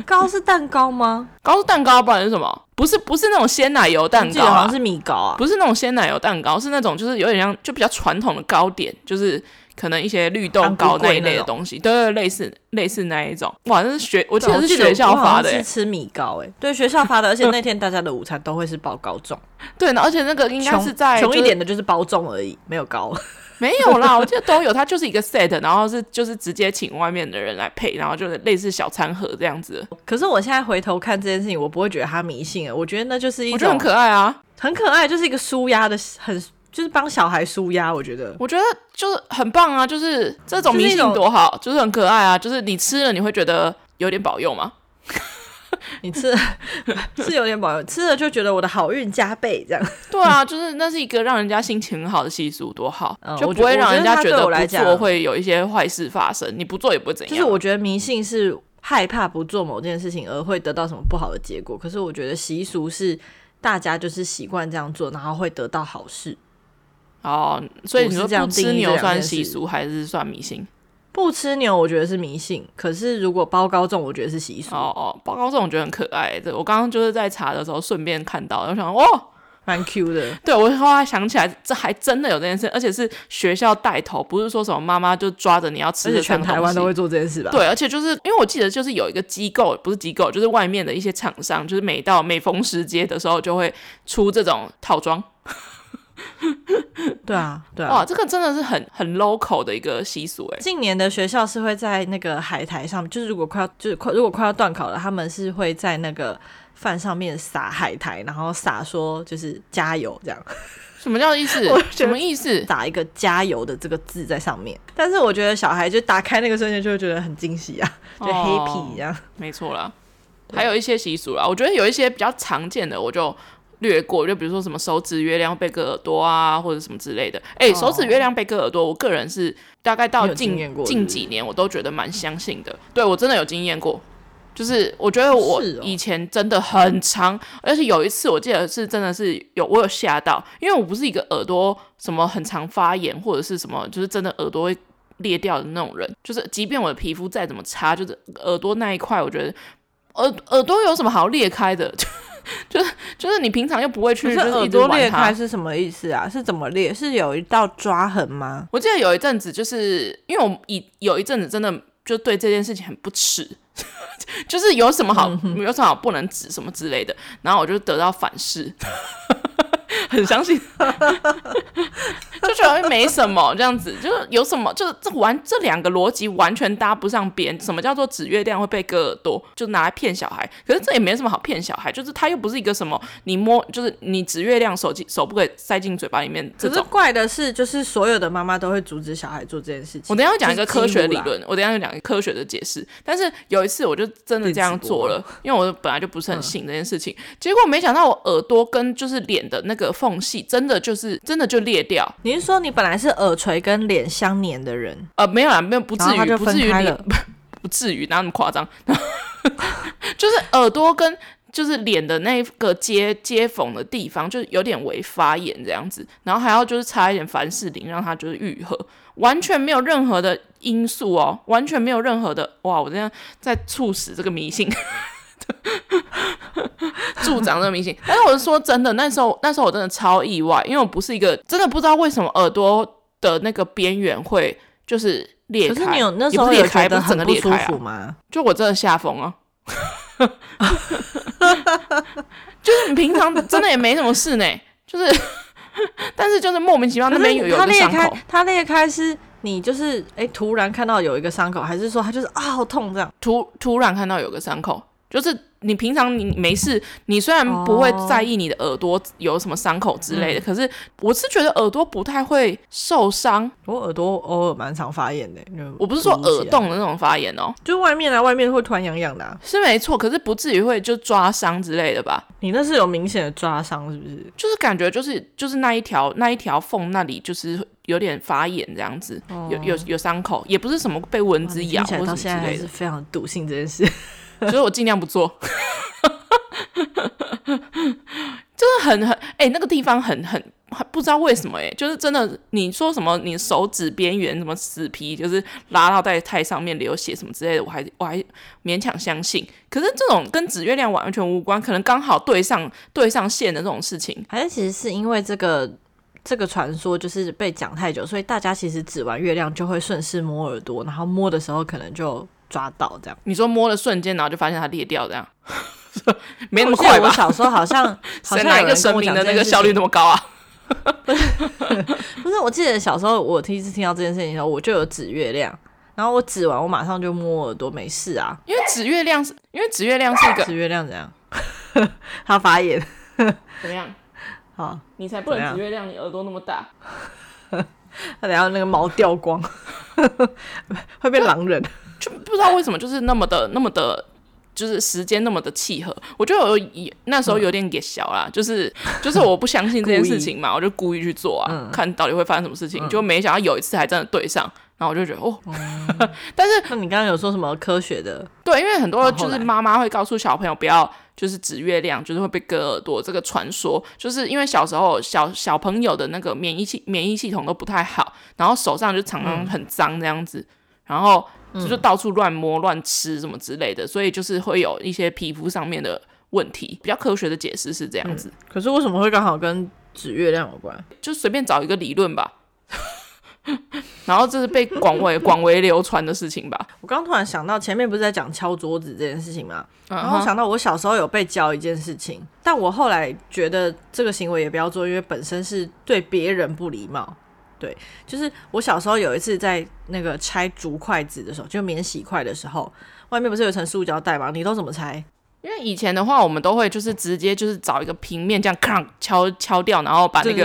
糕是蛋糕嗎？糕是蛋糕，不然是什麼？不是，不是那種鮮奶油蛋糕啊，好像是米糕啊。不是那種鮮奶油蛋糕，是那種就是有點像，就比較傳統的糕點，就是。可能一些綠豆糕那一類的東西，對、嗯，類似類似，類似那一種，嗯、哇，是學、嗯、我記得，我我記得我我是學校發的，吃米糕哎、欸嗯，對，學校發的，而且那天大家的午餐都會是包糕粽、嗯，對，而且那個應該是在窮、就是、一點的，就是包粽而已，沒有糕，沒有啦，我記得都有，它就是一個 set，然後是就是直接請外面的人來配，然後就是類似小餐盒這樣子。可是我現在回頭看這件事情，我不會覺得它迷信了，我覺得那就是一種我覺得很可愛啊，很可愛，就是一個紓壓的很。就是幫小孩舒壓，我覺得，我覺得就是很棒啊！就是這種迷信多好，就是、就是、很可愛啊！就是你吃了，你會覺得有點保佑嗎？你吃了 是有點保佑， 吃了就覺得我的好運加倍，這樣。對啊，就是那是一個讓人家心情很好的習俗，多好、嗯！就不會讓人家覺得我來做會有一些壞事發生，你不做也不會怎樣。就是我覺得迷信是害怕不做某件事情而會得到什麼不好的結果，可是我覺得習俗是大家就是習慣這樣做，然後會得到好事。哦，所以你說，不是這樣，吃牛算習俗還是算迷信？不吃牛，我覺得是迷信。可是如果包高中，我覺得是習俗。哦哦，包高中我覺得很可愛的。我剛剛就是在查的時候順便看到，我想說哇，蠻 Q 的。對，我後來想起來，這還真的有這件事，而且是學校帶頭，不是說什麼媽媽就抓着你要吃、吃。而且全台灣都會做這件事吧？對，而且就是因為我記得，就是有一個機構，不是機構，就是外面的一些廠商，就是每到每逢時節的時候，就會出這種套裝。 對啊，對啊，哇，這個真的是很很 local 的一個習俗哎。近年的學校是會在那個海苔上面，就是如果快要就是，快如果快要段考了，他們是會在那個飯上面撒海苔，然後撒說就是加油這樣。什麼叫意思？什麼意思？打一個加油的這個字在上面。但是我覺得小孩就打開那個瞬間就會覺得很驚喜啊，哦、就 happy 一樣。沒錯了，還有一些習俗啊，我覺得有一些比較常見的，我就。略過，就比如說什麼手指月亮被割耳朵啊，或者什麼之類的。誒、欸，手指月亮被割耳朵，我個人是大概到近是是近幾年我都覺得蠻相信的。對，我真的有經驗過，就是我覺得我以前真的很常，哦、而且有一次我記得是真的是有我有嚇到，因為我不是一個耳朵什麼很常發炎或者是什麼，就是真的耳朵會裂掉的那種人。就是即便我的皮膚再怎麼差，就是耳朵那一塊，我覺得耳耳朵有什麼好裂開的？就 是就是，就是、你平常又不會去，就是耳朵是裂開是什麼意思啊？是怎麼裂？是有一道抓痕嗎？ 我記得有一陣子，就是因為我一有一陣子真的就對這件事情很不齒， 就是有什麼好、嗯，有什麼好不能指什麼之類的，然後我就得到反噬。 很相信 就覺得沒什麼這樣子，就是有什麼，就是這完這兩個邏輯完全搭不上邊。什麼叫做指月亮會被割耳朵，就拿來騙小孩？可是這也沒什麼好騙小孩，就是他又不是一個什麼，你摸就是你指月亮手，手機手不可以塞進嘴巴裡面。可是怪的是，就是所有的媽媽都會阻止小孩做這件事情。我等一下要講一個科學理論、就是，我等一下要講科學的解釋。但是有一次我就真的這樣做了，因為我本來就不是很信這件事情，嗯、結果沒想到我耳朵跟就是臉的。那個縫隙真的就是真的就裂掉。你是說你本來是耳垂跟臉相連的人？呃，沒有啊，沒有，不至於，不至於不，不至於，哪那麼誇張？ 就是耳朵跟就是臉的那個接接縫的地方，就有點微發炎這樣子，然後還要就是擦一點凡士林，讓它就是愈合。完全沒有任何的因素哦，完全沒有任何的，哇！我這樣在促使這個迷信。 助長這個迷信，但是我是說真的，那時候那時候我真的超意外，因為我不是一個真的不知道為什麼耳朵的那個邊緣會就是裂開。可是你有那時候有覺得很不舒服嗎？也不是裂開，不是整個裂開啊，就我真的下風啊， 就是你平常真的也沒什麼事呢，就是 但是就是莫名其妙那邊有有一個傷口它，它裂開是你就是哎、欸、突然看到有一個傷口，還是說它就是啊好痛這樣突突然看到有一個傷口。就是你平常你沒事，你雖然不會在意你的耳朵有什麼傷口之類的，oh. 可是我是覺得耳朵不太會受傷。我耳朵偶爾蠻常發炎的，嗯、我不是說耳洞的那種發炎哦，就外面啊，外面會突然癢癢的、啊，是沒錯。可是不至於會就抓傷之類的吧？你那是有明顯的抓傷是不是？就是感覺就是就是那一條那一條縫那裡就是有點發炎這樣子，oh. 有有有傷口，也不是什麼被蚊子咬或者什麼之類的。到現在非常篤信這件事。所以，我盡量不做。真 的，很很哎、欸，那個地方很很不知道為什麼哎、欸，就是真的，你說什麼，你手指邊緣什麼死皮，就是拉到在太上面流血什麼之類的，我還我還勉強相信。可是這種跟指月亮完全無關，可能剛好對上對上線的這種事情，好像其實是因為這個這個傳說就是被講太久，所以大家其實指完月亮就會順勢摸耳朵，然後摸的時候可能就。抓到這樣，你說摸了瞬間，然後就發現它裂掉這樣， 沒那麼快吧？我，我小時候好像 好像哪一個神明的那個效率那麼高啊？ 不是，我記得小時候我第一次聽到這件事情的時候，我就有指月亮，然後我指完我馬上就摸耳朵，沒事啊。因為指月亮是因為指月亮是一個指月亮怎樣？ 他發炎？怎麼樣？好、啊，你才不能指月亮，你耳朵那麼大， 他等下那個毛掉光， 會被變狼人。 不知道為什麼，就是那麼的、嗯、那麼的，就是時間那麼的契合。我覺得我那時候有點也小啦，嗯、就是就是我不相信這件事情嘛， 我就故意去做啊、嗯，看到底會發生什麼事情、嗯，就沒想到有一次還真的對上，然後我就覺得哦。嗯、 但是你剛剛有說什麼科學的？對，因為很多就是媽媽會告訴小朋友不要就是指月亮，就是會被割耳朵這個傳說，就是因為小時候小小朋友的那個免疫系免疫系統都不太好，然後手上就常常很髒這樣子。嗯然後就就到處亂摸、嗯、亂吃什麼之類的，所以就是會有一些皮膚上面的問題。比較科學的解釋是這樣子。嗯、可是為什麼會剛好跟指月亮有關？就隨便找一個理論吧。 然後這是被廣為 廣為流傳的事情吧。我剛突然想到，前面不是在講敲桌子這件事情嗎？嗯、然後想到我小時候有被教一件事情，但我後來覺得這個行為也不要做，因為本身是對別人不禮貌。對，就是我小時候有一次在那個拆竹筷子的時候，就免洗筷的時候，外面不是有一層塑膠袋嗎？你都怎麼拆？因為以前的話，我們都會就是直接就是找一個平面這樣咔敲敲掉，然後把那個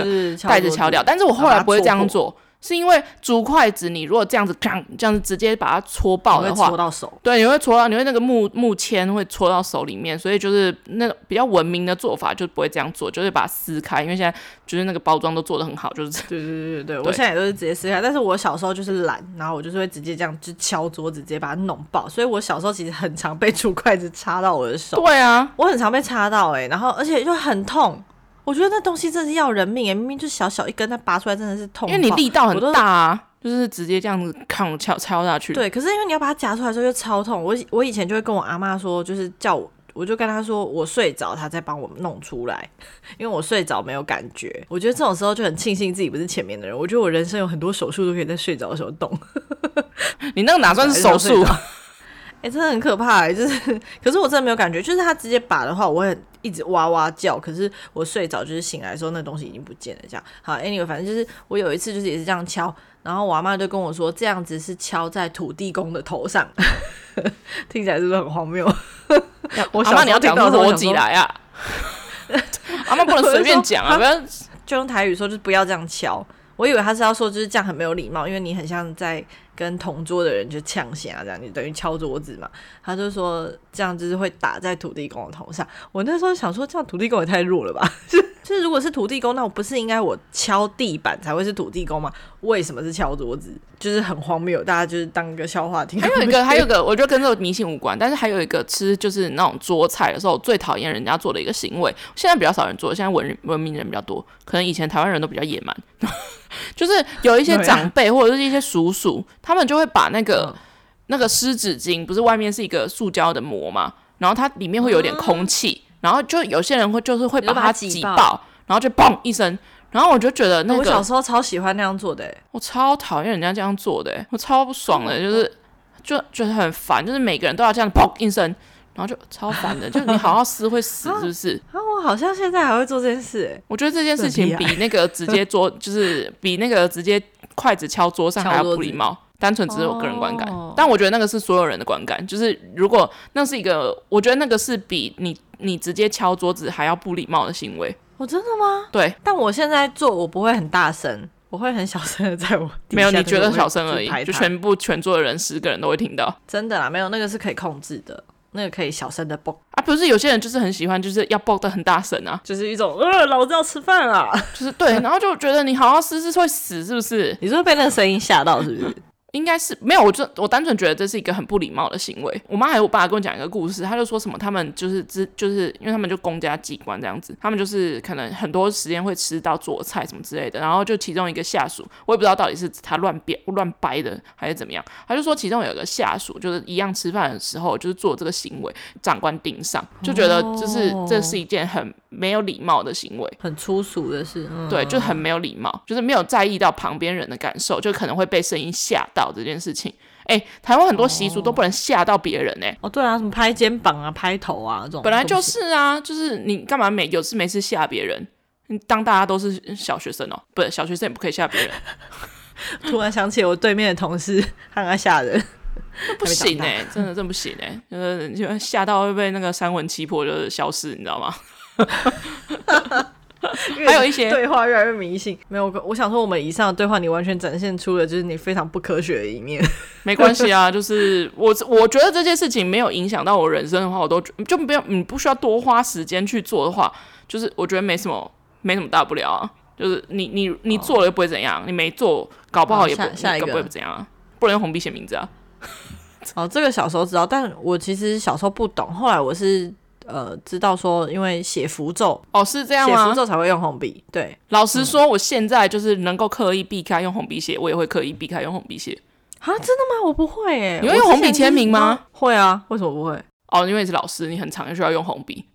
袋子敲掉，對對對，敲。但是我後來不會這樣做。是因為竹筷子，你如果這樣子幹這樣子直接把它搓爆的話，搓到手。對，你會搓到，你會那個木木籤會搓到手裡面，所以就是那個比較文明的做法就不會這樣做，就是把它撕開。因為現在就是那個包裝都做得很好，就是對對對對對, 對，我現在也都是直接撕開。但是我小時候就是懶，然後我就是會直接這樣就敲桌子，直接把它弄爆。所以我小時候其實很常被竹筷子插到我的手。對啊，我很常被插到哎、欸，然後而且就很痛。我覺得那東西真是要人命啊！明明就小小一根，它拔出來真的是痛。因為你力道很大啊，就是直接這樣子抗敲敲下去。對，可是因為你要把它夾出來之後就超痛。我我以前就會跟我阿媽說，就是叫我，我就跟他說我睡着，他再幫我弄出來，因為我睡着沒有感覺。我覺得這種時候就很慶幸自己不是前面的人。我覺得我人生有很多手術都可以在睡着的時候動。 你那個哪算是手術？ 哎、欸，真的很可怕，就是可是我真的沒有感覺，就是他直接拔的話，我會很一直哇哇叫。可是我睡着就是醒來的時候，那東西已經不見了。這樣好，anyway，、欸、反正就是我有一次就是也是這樣敲，然後我阿嬤就跟我說，這樣子是敲在土地公的頭上， 聽起來是不是很荒謬、啊？ 我媽你要講什麼邏輯來啊？阿嬤不能隨便講啊，就用台語說就是不要這樣敲。我以為他是要說就是這樣很沒有禮貌，因為你很像在。跟同桌的人就嗆聲啊，這樣子等於敲桌子嘛。他就說這樣就是會打在土地公的頭上。我那時候想說，這樣土地公也太弱了吧？ 就是，是，如果是土地公，那我不是應該我敲地板才會是土地公嗎？為什麼是敲桌子？就是很荒謬，大家就是當一個笑話聽。還有一個，還有一個，我覺得跟這個迷信無關。但是還有一個，吃就是那種桌菜的時候，我最討厭人家做的一個行為。現在比較少人做，現在文人文明人比較多，可能以前台灣人都比較野蠻， 就是有一些長輩、啊、或者是一些叔叔，他們就會把那個、嗯、那個濕紙巾，不是外面是一個塑膠的膜嘛，然後它裡面會有點空氣、嗯，然後就有些人會就是會把它擠爆，爆，然後就砰一聲。然後我就覺得那個，我小時候超喜歡那樣做的、欸，我超討厭人家這樣做的、欸，我超不爽的、欸 oh，就是就覺得很煩，就是每個人都要這樣砰一聲，然後就超煩的， 就你好好撕會死是不是啊？啊，我好像現在還會做這件事、欸，我覺得這件事情比那個直接桌、啊、就是比那個直接筷子敲桌上還要不禮貌，單純只是我個人觀感，oh. 但我覺得那個是所有人的觀感，就是如果那是一個，我覺得那個是比你你直接敲桌子還要不禮貌的行為。我、oh, 真的嗎？對，但我現在做，我不會很大聲，我會很小聲的，在我面沒有。你覺得小聲而已，就全部全桌的人十個人都會聽到。真的啦，沒有那個是可以控制的，那個可以小聲的蹦啊，不是有些人就是很喜歡，就是要蹦的很大聲啊，就是一種呃老子要吃飯了，啊，就是對，然後就覺得你好好吃吃會死是不是？ 你是，不是被那個聲音嚇到是不是？ 應該是沒有，我就我單純覺得這是一個很不禮貌的行為。我媽還有我爸跟我講一個故事，他就說什麼他們就是之就是因為他們就公家機關這樣子，他們就是可能很多時間會吃到做菜什麼之類的，然後就其中一個下屬，我也不知道到底是他亂編亂掰的還是怎麼樣，他就說其中有一個下屬就是一樣吃飯的時候就是做這個行為，長官盯上就覺得就是這是一件很。沒有禮貌的行為，很粗俗的事，嗯，對，就很沒有禮貌，就是沒有在意到旁邊人的感受，就可能會被聲音嚇到這件事情。哎，台灣很多習俗都不能嚇到別人哎，哦。哦，對啊，什麼拍肩膀啊，拍頭啊這種。本來就是啊，是就是你幹嘛沒有事沒事嚇別人？你當大家都是小學生哦，不是小學生也不可以嚇別人。 突然想起我對面的同事，看他嚇人， 不行哎，真的真不行哎，呃，就，就，就嚇到會被那個三魂七魄就是消失，你知道嗎？還有一些對話越來越迷信。沒有，我想說我們以上的對話，你完全展現出了就是你非常不科學的一面。沒關係啊， 就是我我覺得這件事情沒有影響到我人生的話，我都就不要，你不需要多花時間去做的話，就是我覺得沒什麼沒什麼大不了啊。就是你你你做了又不會怎樣，哦，你沒做搞不好也不，啊，下下一個不會怎樣，啊，不能用紅筆寫名字啊。 哦，這個小時候知道，但我其實小時候不懂，後來我是。呃，知道說，因為寫符咒哦，是這樣嗎？寫符咒才會用紅筆。對，老實說，我現在就是能夠刻意避開用紅筆寫、嗯，我也會刻意避開用紅筆寫。啊，真的嗎？我不會哎、欸。你會用紅筆簽名嗎、就是啊？會啊。為什麼不會？哦，因為是老師，你很常常需要用紅筆。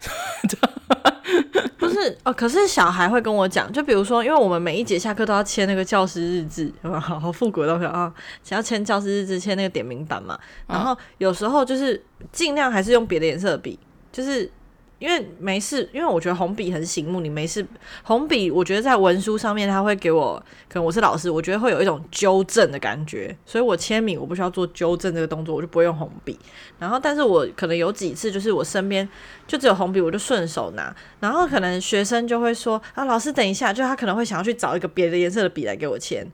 不是哦、呃，可是小孩會跟我講，就比如說，因為我們每一節下課都要簽那個教師日誌，好好復古的哦，想要簽教師日誌，簽那個點名版嘛。然後有時候就是盡量還是用別的顏色的筆。就是因為沒事，因為我覺得紅筆很醒目。你沒事，紅筆我覺得在文書上面，他會給我，可能我是老師，我覺得會有一種糾正的感覺。所以我簽名，我不需要做糾正這個動作，我就不會用紅筆。然後，但是我可能有幾次，就是我身邊就只有紅筆，我就順手拿。然後可能學生就會說啊，老師等一下，就他可能會想要去找一個別的顏色的筆來給我簽，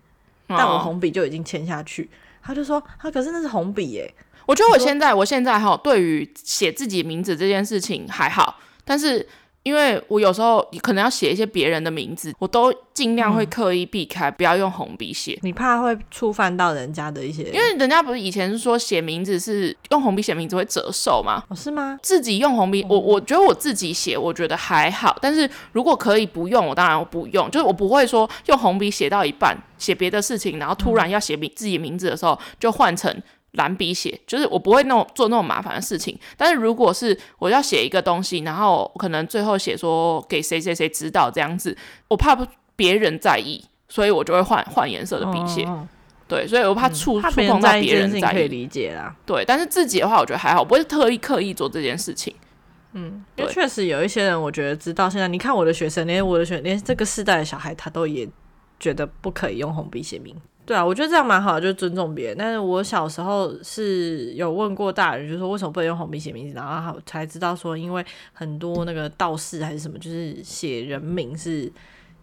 但我紅筆就已經簽下去，他就說他，啊，可是那是紅筆耶，欸。我覺得我現在，我現在哈，對於寫自己名字這件事情還好，但是因為我有時候可能要寫一些別人的名字，我都盡量會刻意避開，嗯、不要用紅筆寫。你怕會觸犯到人家的一些，因為人家不是以前是說寫名字是用紅筆寫名字會折壽嗎？是嗎？自己用紅筆，我我覺得我自己寫，我覺得還好。但是如果可以不用，我當然我不用，就是我不會說用紅筆寫到一半，寫別的事情，然後突然要寫名、嗯、自己名字的時候，就換成。藍筆寫，就是我不會那種做那種麻煩的事情。但是如果是我要寫一個東西，然後可能最後寫說給誰誰誰指導這樣子，我怕不別人在意，所以我就會換換顏色的筆寫。哦哦哦。對，所以我怕觸、嗯、觸碰到別人在意。在意可以理解啦。對，但是自己的話，我覺得還好，不會特意刻意做這件事情。嗯，因為確實有一些人，我覺得直到現在，你看我的學生，連我的學，連這個世代的小孩，他都也覺得不可以用紅筆寫名。對啊，我覺得這樣蠻好的，就尊重別人。但是我小時候是有問過大人，就是說為什麼不能用紅筆寫名字，然後才知道說，因為很多那個道士還是什麼，就是寫人名是，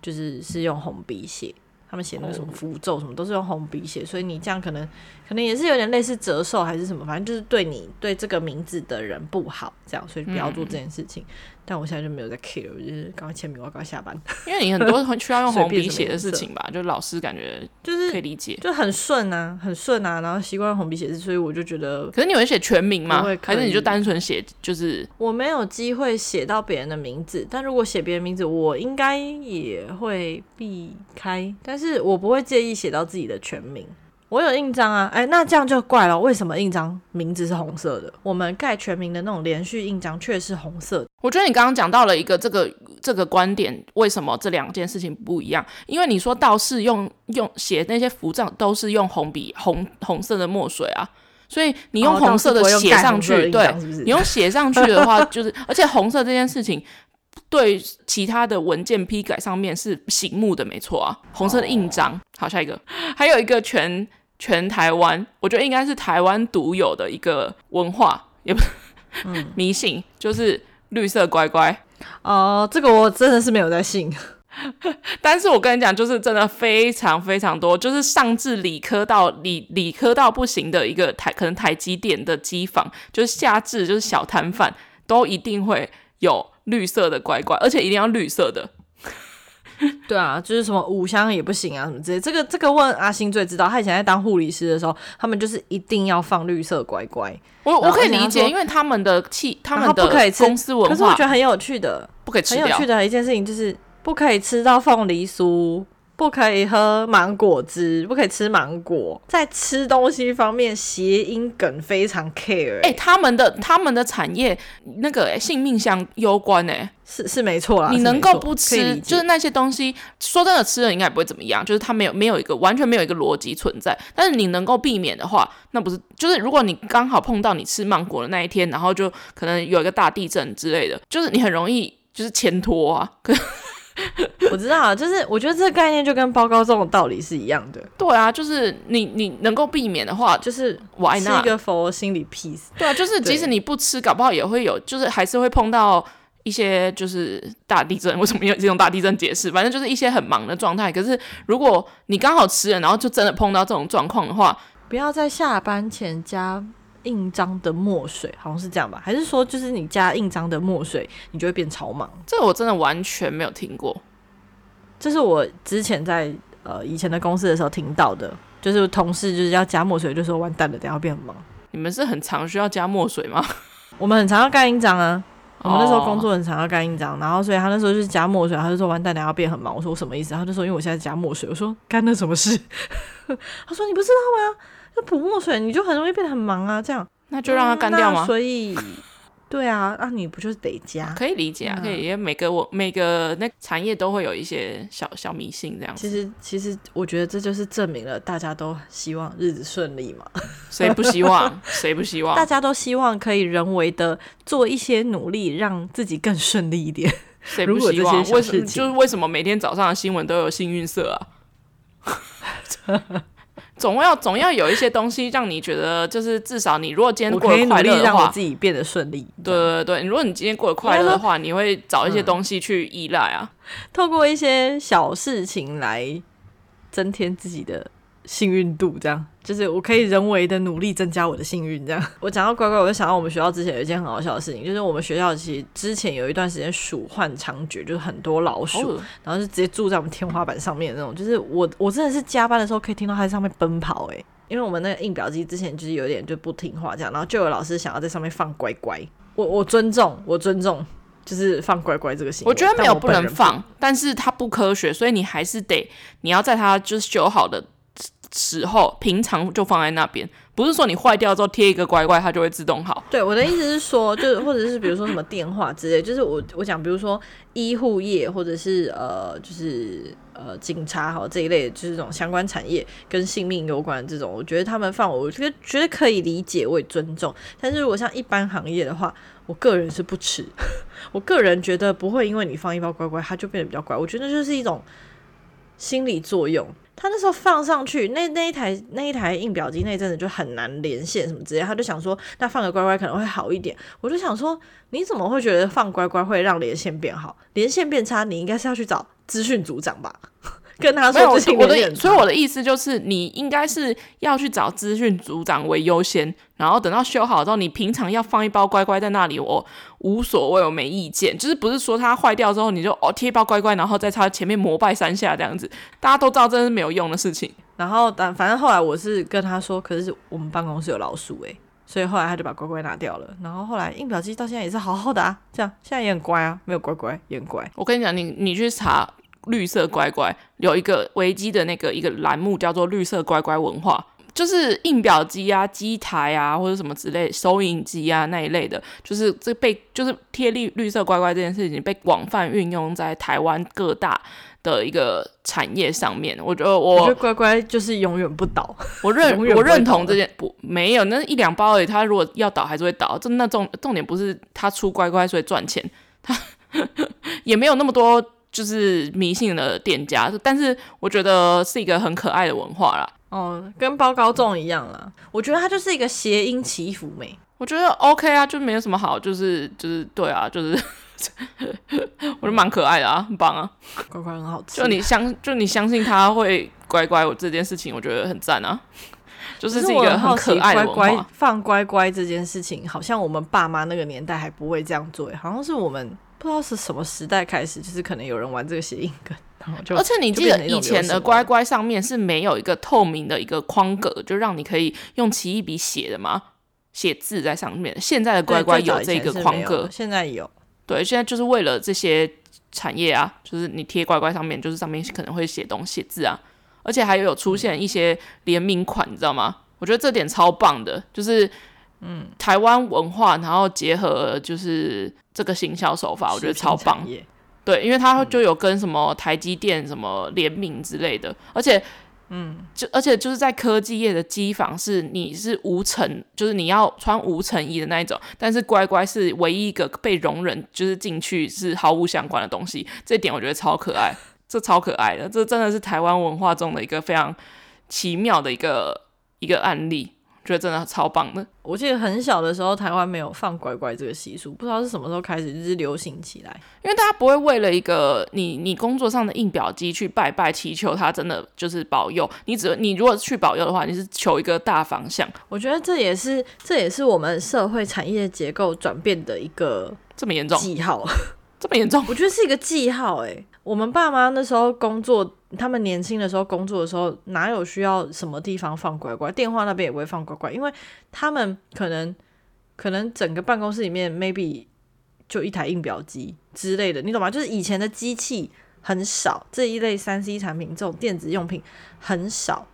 就是是用紅筆寫，他們寫那個什麼符咒什麼都是用紅筆寫，所以你這樣可能可能也是有點類似折壽還是什麼，反正就是對你對這個名字的人不好，這樣，所以不要做這件事情。嗯但我現在就沒有在 care 就是剛剛簽名，我剛下班。 因為你很多需要用紅筆寫的事情吧， 就老師感覺就是可以理解，就很順啊，很順啊。然後習慣紅筆寫字，所以我就覺得，可是你有寫全名嗎？不會可？還是你就單純寫就是？我沒有機會寫到別人的名字，但如果寫別人名字，我應該也會避開。但是我不會介意寫到自己的全名。我有印章啊，哎、欸，那這樣就怪了，為什麼印章名字是紅色的？我們蓋全名的那種連續印章卻是紅色的。我覺得你剛剛講到了一個這個這個觀點，為什麼這兩件事情不一樣？因為你說道士用用寫那些符咒都是用紅筆紅紅色的墨水啊，所以你用紅色的寫上去、哦是是，對，你用寫上去的話就是， 而且紅色這件事情對其他的文件批改上面是醒目的，沒錯啊，紅色的印章。哦、好，下一個還有一個全。全台灣，我覺得應該是台灣獨有的一個文化，也不是、嗯、迷信，就是綠色乖乖。哦、呃，這個我真的是沒有在信。 但是我跟你講，就是真的非常非常多，就是上至理科到理理科到不行的一個台，可能台積電的機房，就是下至就是小攤販、嗯，都一定會有綠色的乖乖，而且一定要綠色的。 對啊，就是什麼五香也不行啊，什麼之類的。這個這個問阿星最知道，他以前在當護理師的時候，他們就是一定要放綠色乖乖。我我可以理解，因為他們的氣，他們的公司文化。可是我覺得很有趣的，不可以吃掉。很有趣的一件事情就是不可以吃到鳳梨酥。不可以喝芒果汁，不可以吃芒果。在吃東西方面，諧音梗非常 care、欸。誒、欸，他們的他們的產業那個、欸、性命相攸關、欸，誒，是是沒錯啦，你能夠不吃，就是那些東西，說真的，吃了應該也不會怎麼樣。就是他沒有沒有一個完全沒有一個邏輯存在，但是你能夠避免的話，那不是就是如果你剛好碰到，你吃芒果的那一天，然後就可能有一個大地震之類的，就是你很容易就是前脫啊。可 我知道，就是我覺得這個概念就跟報告這種道理是一樣的。對啊，就是你你能夠避免的話，就是我是一個佛心理 peace。對啊，就是即使你不吃，搞不好也會有，就是還是會碰到一些就是大地震。為什麼用這種大地震解釋？反正就是一些很忙的狀態。可是如果你剛好吃了，然後就真的碰到這種狀況的話，不要在下班前加。印章的墨水好像是這樣吧？還是說就是你加印章的墨水，你就會變超忙？這個我真的完全沒有聽過。這是我之前在呃以前的公司的時候聽到的，就是同事就是要加墨水，就說完蛋了，等下要變很忙。你們是很常需要加墨水嗎？我們很常要蓋印章啊。我們那時候工作很常要蓋印章，oh. 然後所以他那時候就是加墨水，他就說完蛋了，等下要變很忙。我說我什麼意思？他就說因為我現在加墨水。我說幹了什麼事？ 他說你不知道嗎？那補墨水，你就很容易變得很忙啊！這樣，那就讓它乾掉嗎？嗯、所以， 對啊，那、啊、你不就是得加？可以理解啊，可以。因為每個我每個那個產業都會有一些小小迷信這樣。其實，其實我覺得這就是證明了大家都希望日子順利嘛。誰不希望？誰不希望？大家都希望可以人為的做一些努力，讓自己更順利一點。誰不希望？ 為什就是為什麼每天早上的新聞都有幸運色啊？ 總要總要有一些東西讓你覺得，就是至少你如果今天過得快樂，讓你自己變得順利。對對對，如果你今天過得快樂的話，你會找一些東西去依賴啊，透過一些小事情來增添自己的。幸運度這樣，就是我可以人為的努力增加我的幸運。這樣，我講到乖乖，我就想到我們學校之前有一件很好笑的事情，就是我們學校其實之前有一段時間鼠患猖獗，就是很多老鼠，哦，然後就直接住在我們天花板上面的那種。就是我我真的是加班的時候可以聽到它在上面奔跑誒、欸，因為我們那個印表機之前就是有點就不聽話這樣，然後就有老師想要在上面放乖乖。我我尊重我尊重，尊重就是放乖乖這個行為，我覺得沒有不能放，但是它不科學，所以你還是得你要在它就是修好的時候平常就放在那邊，不是說你壞掉之後貼一個乖乖，它就會自動好。對，我的意思是說， 就是或者是比如說什麼電話之類，就是我我講，比如說醫護業或者是呃，就是呃警察哈這一類，就是這種相關產業跟性命有關的這種，我覺得他們放我，我覺得我覺得可以理解，我也尊重。但是如果像一般行業的話，我個人是不吃， 我個人覺得不會因為你放一包乖乖，它就變得比較乖。我覺得就是一種心理作用。他那時候放上去那那一台那一台印表機那陣子就很難連線什麼之類的，他就想說，那放個乖乖可能會好一點。我就想說，你怎麼會覺得放乖乖會讓連線變好？連線變差你應該是要去找資訊組長吧。跟他說的我的我的，所以我的意思就是，你應該是要去找資訊組長為優先，然後等到修好之後，你平常要放一包乖乖在那裡，我無所謂，我沒意見。就是不是說它壞掉之後，你就哦貼一包乖乖，然後在它前面膜拜三下這樣子，大家都知道這是沒有用的事情。然後但反正後來我是跟他說，可是我們辦公室有老鼠誒、欸，所以後來他就把乖乖拿掉了。然後後來印表機到現在也是好好的啊，這樣現在也很乖啊，沒有乖乖也很乖。我跟你講，你你去查。綠色乖乖有一個維基的那個一個欄目叫做“綠色乖乖文化”，就是印表機啊、機台啊，或者什麼之類、收銀機啊那一類的，就是這被就是貼綠綠色乖乖這件事情被廣泛運用在台灣各大的一個產業上面。我覺得我，我就乖乖就是永遠不倒，我認我認同這件不沒有那一兩包而已。他如果要倒還是會倒，真那重重點不是他出乖乖所以賺錢，他 也沒有那麼多。就是迷信的店家，但是我覺得是一個很可愛的文化啦。哦，跟包高粽一樣啦。我覺得它就是一個諧音祈福美、欸。我覺得 OK 啊，就沒有什麼好，就是就是對啊，就是， 我覺得蠻可愛的啊，很棒啊，乖乖很好吃、啊。就你相，就你相信他會乖乖，我這件事情我覺得很讚啊。就是這一個很可愛的文化乖乖，放乖乖這件事情，好像我們爸媽那個年代還不會這樣做，好像是我們。不知道是什麼時代開始，就是可能有人玩這個諧音梗，然後就而且你記得以前的乖乖上面是沒有一個透明的一個框格，嗯、就讓你可以用奇異筆寫的嘛，寫字在上面。現在的乖乖有這個框格，現在有。對，現在就是為了這些產業啊，就是你貼乖乖上面，就是上面可能會寫東西寫字啊，而且還有出現一些聯名款、嗯，你知道嗎？我覺得這點超棒的，就是。嗯，臺灣文化，然後結合就是這個行銷手法，我覺得超棒耶。對，因為它就有跟什麼台積電什麼聯名之類的，而且，嗯，就而且就是在科技業的機房是你是無塵，就是你要穿無塵衣的那一種，但是乖乖是唯一一個被容忍，就是進去是毫無相關的東西，這點我覺得超可愛，這超可愛的，這真的是臺灣文化中的一個非常奇妙的一個一個案例。我覺得真的超棒的。我記得很小的時候，台灣沒有放乖乖這個習俗，不知道是什麼時候開始就是流行起來。因為大家不會為了一個你你工作上的印表機去拜拜祈求他真的就是保佑。你只你如果去保佑的話，你是求一個大方向。我覺得這也是這也是我們社會產業結構轉變的一個這麼嚴重記號，這麼嚴重， 重。我覺得是一個記號哎、欸。我們爸媽那時候工作。他們年輕的時候工作的時候，哪有需要什麼地方放乖乖？電話那邊也不會放乖乖，因為他們可能可能整個辦公室裡面 maybe 就一台印表機之類的，你懂嗎？就是以前的機器很少，這一類三 C 產品這種電子用品很少，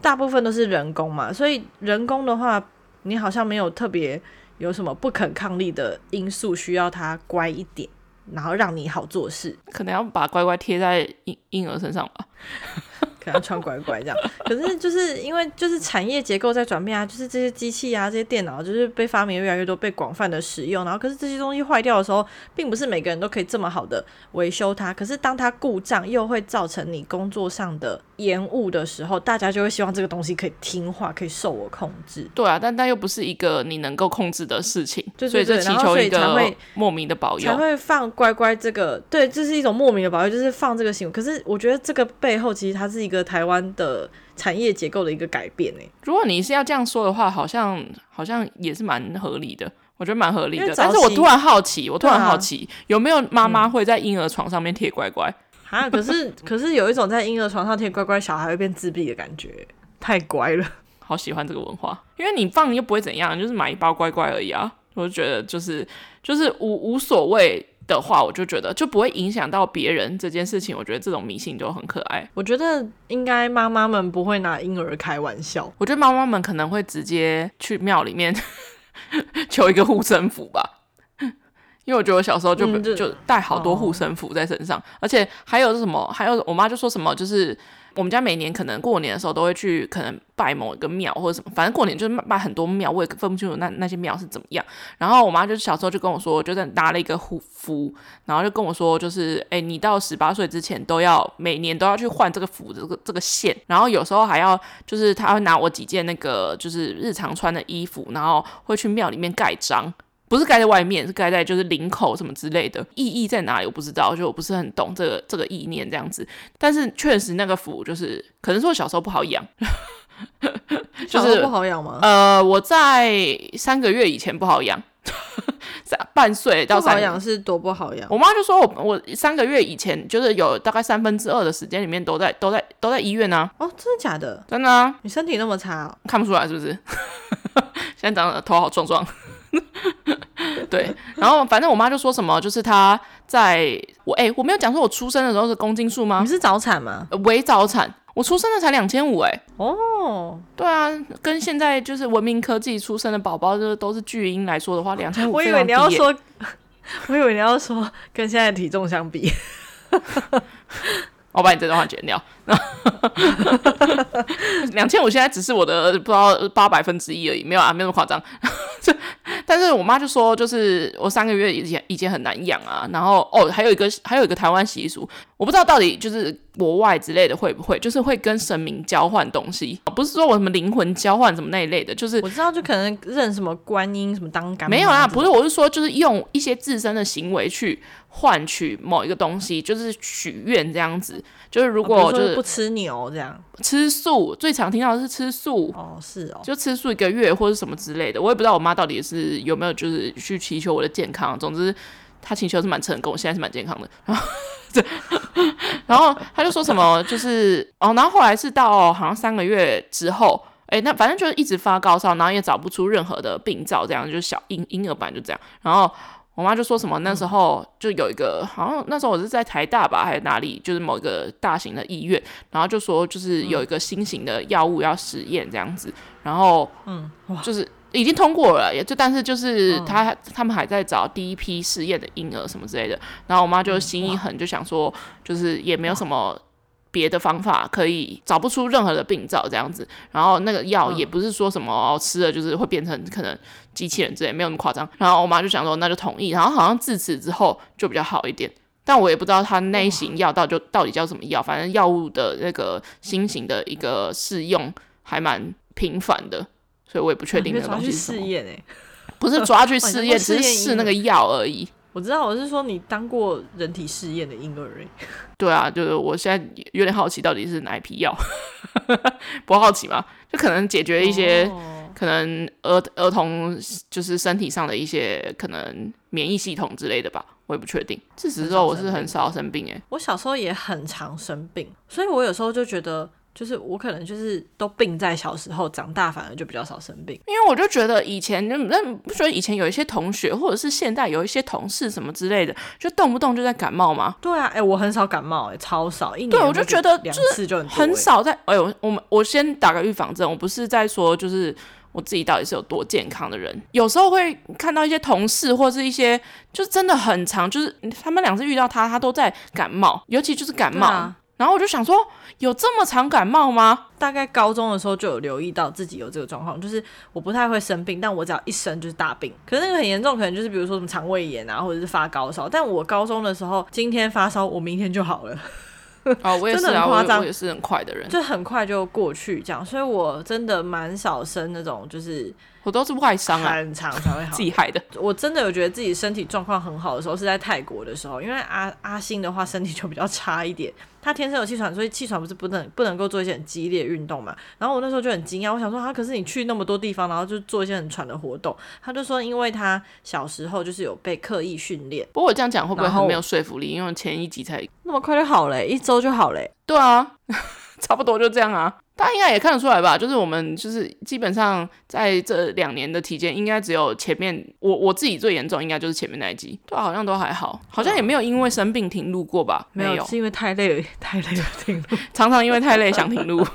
大部分都是人工嘛，所以人工的話，你好像沒有特別有什麼不可抗力的因素需要它乖一點。然後讓你好做事，可能要把乖乖貼在嬰嬰兒身上吧。 要穿乖乖這樣，可是就是因為就是產業結構在轉變啊，就是這些機器啊，這些電腦就是被發明越來越多，被廣泛的使用。然後，可是這些東西壞掉的時候，並不是每個人都可以這麼好的維修它。可是當它故障又會造成你工作上的延誤的時候，大家就會希望這個東西可以聽話，可以受我控制。對啊，但但又不是一個你能夠控制的事情，對對對，所以這祈求一個莫名的保佑，才會放乖乖這個。對，這、就是一種莫名的保佑，就是放這個行為。可是我覺得這個背後其實它是一個。的台灣的產業結構的一個改變。哎、欸，如果你是要這樣說的話，好像好像也是蠻合理的，我覺得蠻合理的。但是，我突然好奇，我突然好奇，啊、有沒有媽媽會在嬰兒床上面貼乖乖？啊、嗯， 可是可是有一種在嬰兒床上貼乖乖，小孩會變自閉的感覺，太乖了， 好喜歡這個文化。因為你放又不會怎樣，就是買一包乖乖而已啊，我就覺得就是就是無無所謂的話，我就覺得就不會影響到別人這件事情，我覺得這種迷信就很可愛。我覺得應該媽媽們不會拿嬰兒開玩笑，我覺得媽媽們可能會直接去廟裡面 求一個護身符吧。 因為我覺得我小時候就、嗯、就帶好多護身符在身上、嗯，而且還有是什麼？還有我媽就說什麼就是。我們家每年可能過年的時候都會去，可能拜某一個廟或者什麼，反正過年就是拜很多廟，我也分不清楚那那些廟是怎麼樣。然後我媽就是小時候就跟我說，就是拿了一個符，然後就跟我說，就是哎、欸，你到十八歲之前都要每年都要去換這個符這個這個線，然後有時候還要就是她會拿我幾件那個就是日常穿的衣服，然後會去廟裡面蓋章。不是蓋在外面，是蓋在就是領口什麼之類的。意義在哪裡？我不知道，就我不是很懂這個這個意念這樣子。但是確實那個符就是，可能是我小時候不好養，小時候 就是不好養嗎？呃，我在三個月以前不好養， 半歲到三。不好養是多不好養。我媽就說我，我我三個月以前就是有大概三分之二的時間裡面都在都在都在，都在醫院呢、啊。哦，真的假的？真的啊！你身體那麼差、哦，看不出來是不是？ 現在長得頭好壯壯。 對，然後反正我媽就說什麼，就是她在我哎、欸，我沒有講說我出生的時候是公斤數嗎？你是早產嗎？微早產，我出生的才兩千五哎。哦、oh.，對啊，跟現在就是文明科技出生的寶寶，就是都是巨嬰來說的話，兩千五。我以為你要說，我以為你要說跟現在的體重相比， 我把你這段話剪掉。哈哈哈哈哈！兩千五現在只是我的不知道八百分之一而已，沒有啊，沒有那麼誇張。 但是我媽就說，就是我三個月以前以前很難養啊。然後哦，還有一個還有一個台灣習俗，我不知道到底就是國外之類的會不會，就是會跟神明交換東西，不是說我什麼靈魂交換什麼那一類的，就是我知道就可能認什麼觀音什麼當乾，沒有啊，不是我是說就是用一些自身的行為去換取某一個東西，就是許願這樣子，就是如果就是。啊不吃牛這樣吃素，最常聽到的是吃素哦，是哦，就吃素一個月或者什麼之類的，我也不知道我媽到底是有沒有就是去祈求我的健康，總之她祈求是蠻成功，現在是蠻健康的。 然後，然後她就說什麼就是 哦，然後後來是到好像三個月之後，哎、欸，那反正就是一直發高燒，然後也找不出任何的病灶，這樣就是小嬰嬰兒版就這樣，然後。我媽就說什麼，那時候就有一個好像、啊、那時候我是在台大吧，還是哪裡，就是某一個大型的醫院，然後就說就是有一個新型的藥物要實驗這樣子，然後嗯，就是已經通過了，也就但是就是他他們還在找第一批試驗的嬰兒什麼之類的，然後我媽就心一狠就想說，就是也沒有什麼別的方法可以，找不出任何的病灶這樣子，然後那個藥也不是說什麼吃了就是會變成可能。機器人之類，沒有那麼誇張，然後我媽就想說那就同意，然後好像自此之後就比較好一點，但我也不知道它那一型藥到就到底叫什麼藥？反正藥物的那個新型的一個試用還蠻頻繁的，所以我也不確定那個東西是什麼、啊、抓去試驗。誒、欸，不是抓去試驗，只是試那個藥而已。我知道，我是說你當過人體試驗的嬰兒、欸。對啊，就是我現在有點好奇，到底是哪一批藥？ 不好奇嗎？就可能解決一些。可能兒兒童就是身體上的一些可能免疫系統之類的吧，我也不確定。之後我是很少生病誒，我小時候也很常生病，所以我有時候就覺得，就是我可能就是都病在小時候，長大反而就比較少生病。因為我就覺得以前，你不覺得以前有一些同學，或者是現代有一些同事什麼之類的，就動不動就在感冒嗎？對啊，誒、欸，我很少感冒、欸，誒，超少，一年就就。對，我就覺得就很很少在。哎、欸，我我們我先打個預防針，我不是在說就是。我自己到底是有多健康的人？有時候會看到一些同事或是一些，就是真的很常，就是他們兩次遇到他，他都在感冒，尤其就是感冒。啊、然後我就想說，有這麼常感冒嗎？大概高中的時候就有留意到自己有這個狀況，就是我不太會生病，但我只要一生就是大病，可是那個很嚴重，可能就是比如說什麼腸胃炎啊，或者是發高燒。但我高中的時候，今天發燒，我明天就好了。哦，我也是、啊 真的很誇張，我我也是很快的人，就很快就過去這樣，所以我真的蠻少生那種就是。我都是外傷啊，很長才會好， 自己害的。我真的有覺得自己身體狀況很好的時候，是在泰國的時候，因為阿阿星的話身體就比較差一點，他天生有氣喘，所以氣喘不是不能不能夠做一些很激烈運動嘛。然後我那時候就很驚訝，我想說他、啊、可是你去那麼多地方，然後就做一些很喘的活動，他就說因為他小時候就是有被刻意訓練。不過我這樣講會不會很沒有說服力？因為前一集才那麼快就好嘞、欸，一周就好嘞、欸。對啊。 差不多就這樣啊，大家應該也看得出來吧？就是我們就是基本上在這兩年的期間，應該只有前面我我自己最嚴重，應該就是前面那一集。對啊，好像都還好，好像也沒有因為生病停錄過吧？沒有，是因為太累了，太累了停錄，常常因為太累想停錄。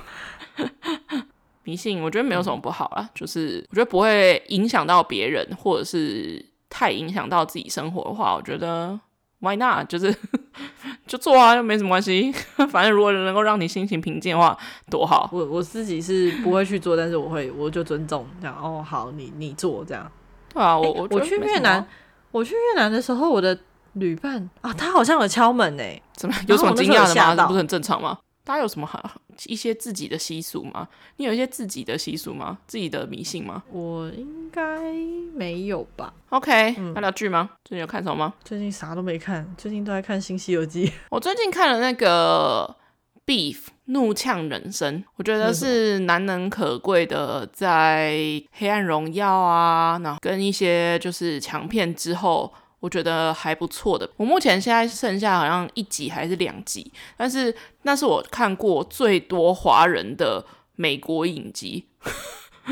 迷信，我覺得沒有什麼不好啊，就是我覺得不會影響到別人，或者是太影響到自己生活的話，我覺得。Why not？就是 就做啊，又沒什麼關係。 反正如果能夠讓你心情平靜的話，多好。我我自己是不會去做， 但是我會，我就尊重這樣。哦，好，你你做這樣。對啊，我、欸、我，我去越南，我去越南的時候，我的旅伴啊，他好像有敲門誒、欸，怎麼有什麼驚訝的嗎？這不是很正常嗎？大家有什麼？好。一些自己的習俗嗎？你有一些自己的習俗嗎？自己的迷信嗎？我應該沒有吧。OK，、嗯、要聊劇嗎？最近有看什麼嗎？最近啥都沒看，最近都在看《新西遊記。》 我最近看了那個《Beef 怒嗆人生》，我覺得是難能可貴的，在黑暗榮耀啊，然後跟一些就是強片之後。我覺得還不錯的。我目前現在剩下好像一集還是兩集，但是那是我看過最多華人的美國影集，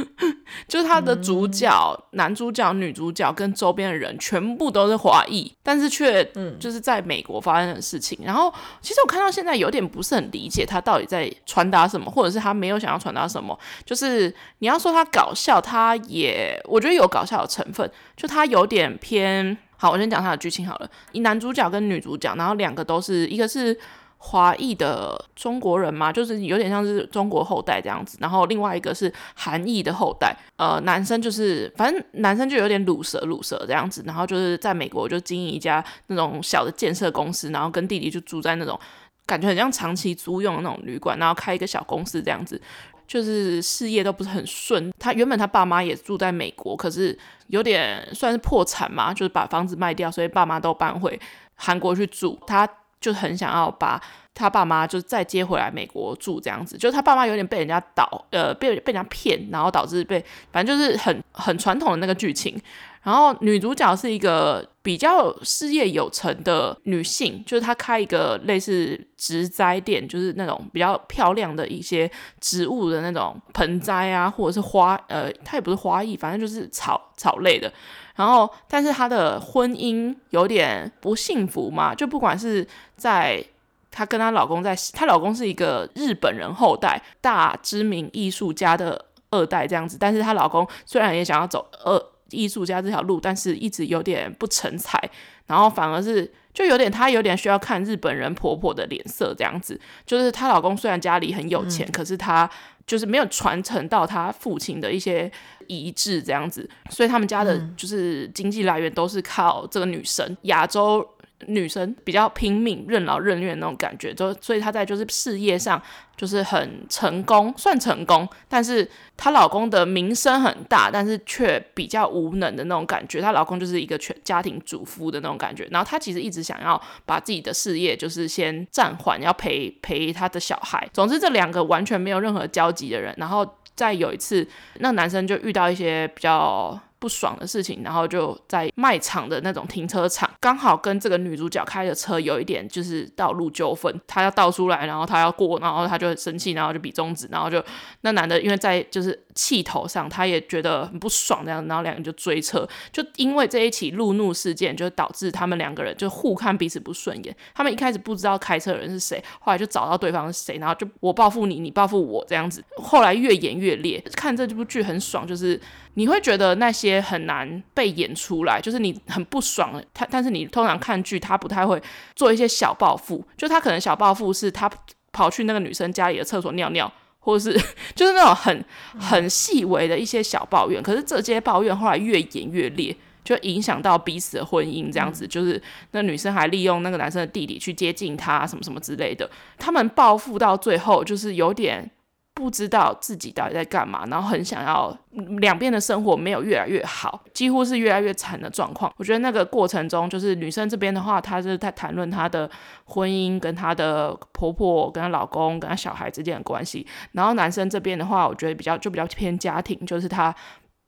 就是他的主角、嗯、男主角、女主角跟周邊的人全部都是華裔，但是卻就是在美國發生的事情。嗯、然後其實我看到現在有點不是很理解他到底在傳達什麼，或者是他沒有想要傳達什麼。就是你要說他搞笑，他也我覺得有搞笑的成分，就他有點偏。好，我先講他的劇情好了。男主角跟女主角，然後兩個都是，一個是華裔的中國人嘛，就是有點像是中國後代這樣子。然後另外一個是韓裔的後代。呃，男生就是，反正男生就有點魯蛇魯蛇這樣子。然後就是在美國就經營一家那種小的建設公司，然後跟弟弟就住在那種感覺很像長期租用的那種旅館，然後開一個小公司這樣子。就是事業都不是很順，他原本他爸媽也住在美國，可是有點算是破產嘛，就是把房子賣掉，所以爸媽都搬回韓國去住。他就很想要把他爸媽就再接回來美國住這樣子，就是他爸媽有點被人家倒，呃，被被人家騙，然後導致被，反正就是很很傳統的那個劇情。然後女主角是一個比較事業有成的女性，就是她開一個類似植栽店，就是那種比較漂亮的一些植物的那種盆栽啊，或者是花，呃，她也不是花藝，反正就是草草類的。然後，但是她的婚姻有點不幸福嘛，就不管是在她跟她老公在，她老公是一個日本人後代，大知名藝術家的二代這樣子，但是她老公雖然也想要走二。藝術家這條路，但是一直有點不成才，然後反而是就有點她有點需要看日本人婆婆的臉色這樣子。就是她老公雖然家裡很有錢，嗯、可是她就是沒有傳承到她父親的一些遺志這樣子，所以他們家的就是經濟來源都是靠這個女生亞洲，女生比較拼命，任勞任怨的那種感覺，就所以她在就是事業上就是很成功，算成功。但是她老公的名聲很大，但是卻比較無能的那種感覺。她老公就是一個全家庭主夫的那種感覺。然後她其實一直想要把自己的事業就是先暫緩，要陪陪她的小孩。總之，這兩個完全沒有任何交集的人。然後再有一次，那男生就遇到一些比較。不爽的事情，然後就在賣場的那種停車場，剛好跟這個女主角開的車有一點就是道路糾紛，他要倒出來，然後他要過，然後他就生氣，然後就比中指，然後就那男的因為在就是氣頭上，他也覺得很不爽這樣，然後兩個人就追車，就因為這一起路怒事件，就導致他們兩個人就互看彼此不順眼。他們一開始不知道開車人是誰，後來就找到對方是誰，然後就我報復你，你報復我這樣子，後來越演越烈。看這部劇很爽，就是。你會覺得那些很難被演出來，就是你很不爽他，但是你通常看劇，他不太會做一些小報復。就他可能小報復是他跑去那個女生家裡的廁所尿尿，或者是就是那種很很細微的一些小抱怨。可是這些抱怨後來越演越烈，就影響到彼此的婚姻這樣子。就是那女生還利用那個男生的弟弟去接近他，什麼什麼之類的。他們報復到最後就是有點。不知道自己到底在幹嘛，然後很想要兩邊的生活沒有越來越好，幾乎是越來越慘的狀況。我覺得那個過程中，就是女生這邊的話，她是在談論她的婚姻跟她的婆婆跟她老公跟她小孩之間的關係。然後男生這邊的話，我覺得比較就比較偏家庭，就是他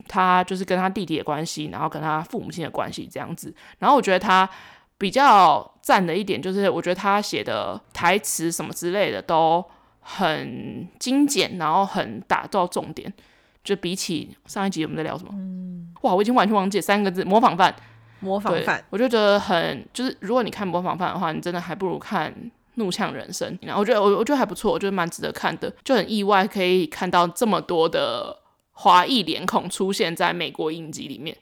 他就是跟他弟弟的關係，然後跟他父母親的關係這樣子。然後我覺得他比較讚的一點就是，我覺得他寫的台詞什麼之類的都。很精簡，然後很打到重點，就比起上一集我們在聊什麼？嗯，哇，我已經完全忘記三個字，模仿犯，模仿犯，我就覺得很，就是如果你看模仿犯的話，你真的還不如看怒嗆人生，然後我覺得我我覺得還不錯，我覺得蠻值得看的，就很意外可以看到這麼多的華裔臉孔出現在美國影集裡面。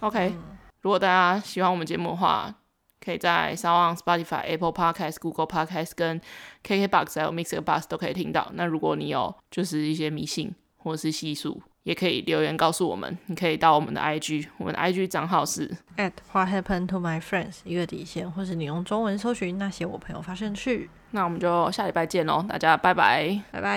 OK，嗯，如果大家喜歡我們節目的話，可以在 SoundOn、Spotify、Apple Podcast、Google Podcast 跟 KKBox 還有 Mixerbox 都可以聽到。那如果你有就是一些迷信或者是習俗，也可以留言告訴我們。你可以到我們的 IG，我們的 IG 賬號是 at What Happened to My Friends 一個底線，或是你用中文搜尋“那些我朋友發生的事。那我們就下禮拜見嘍，大家拜拜，拜拜。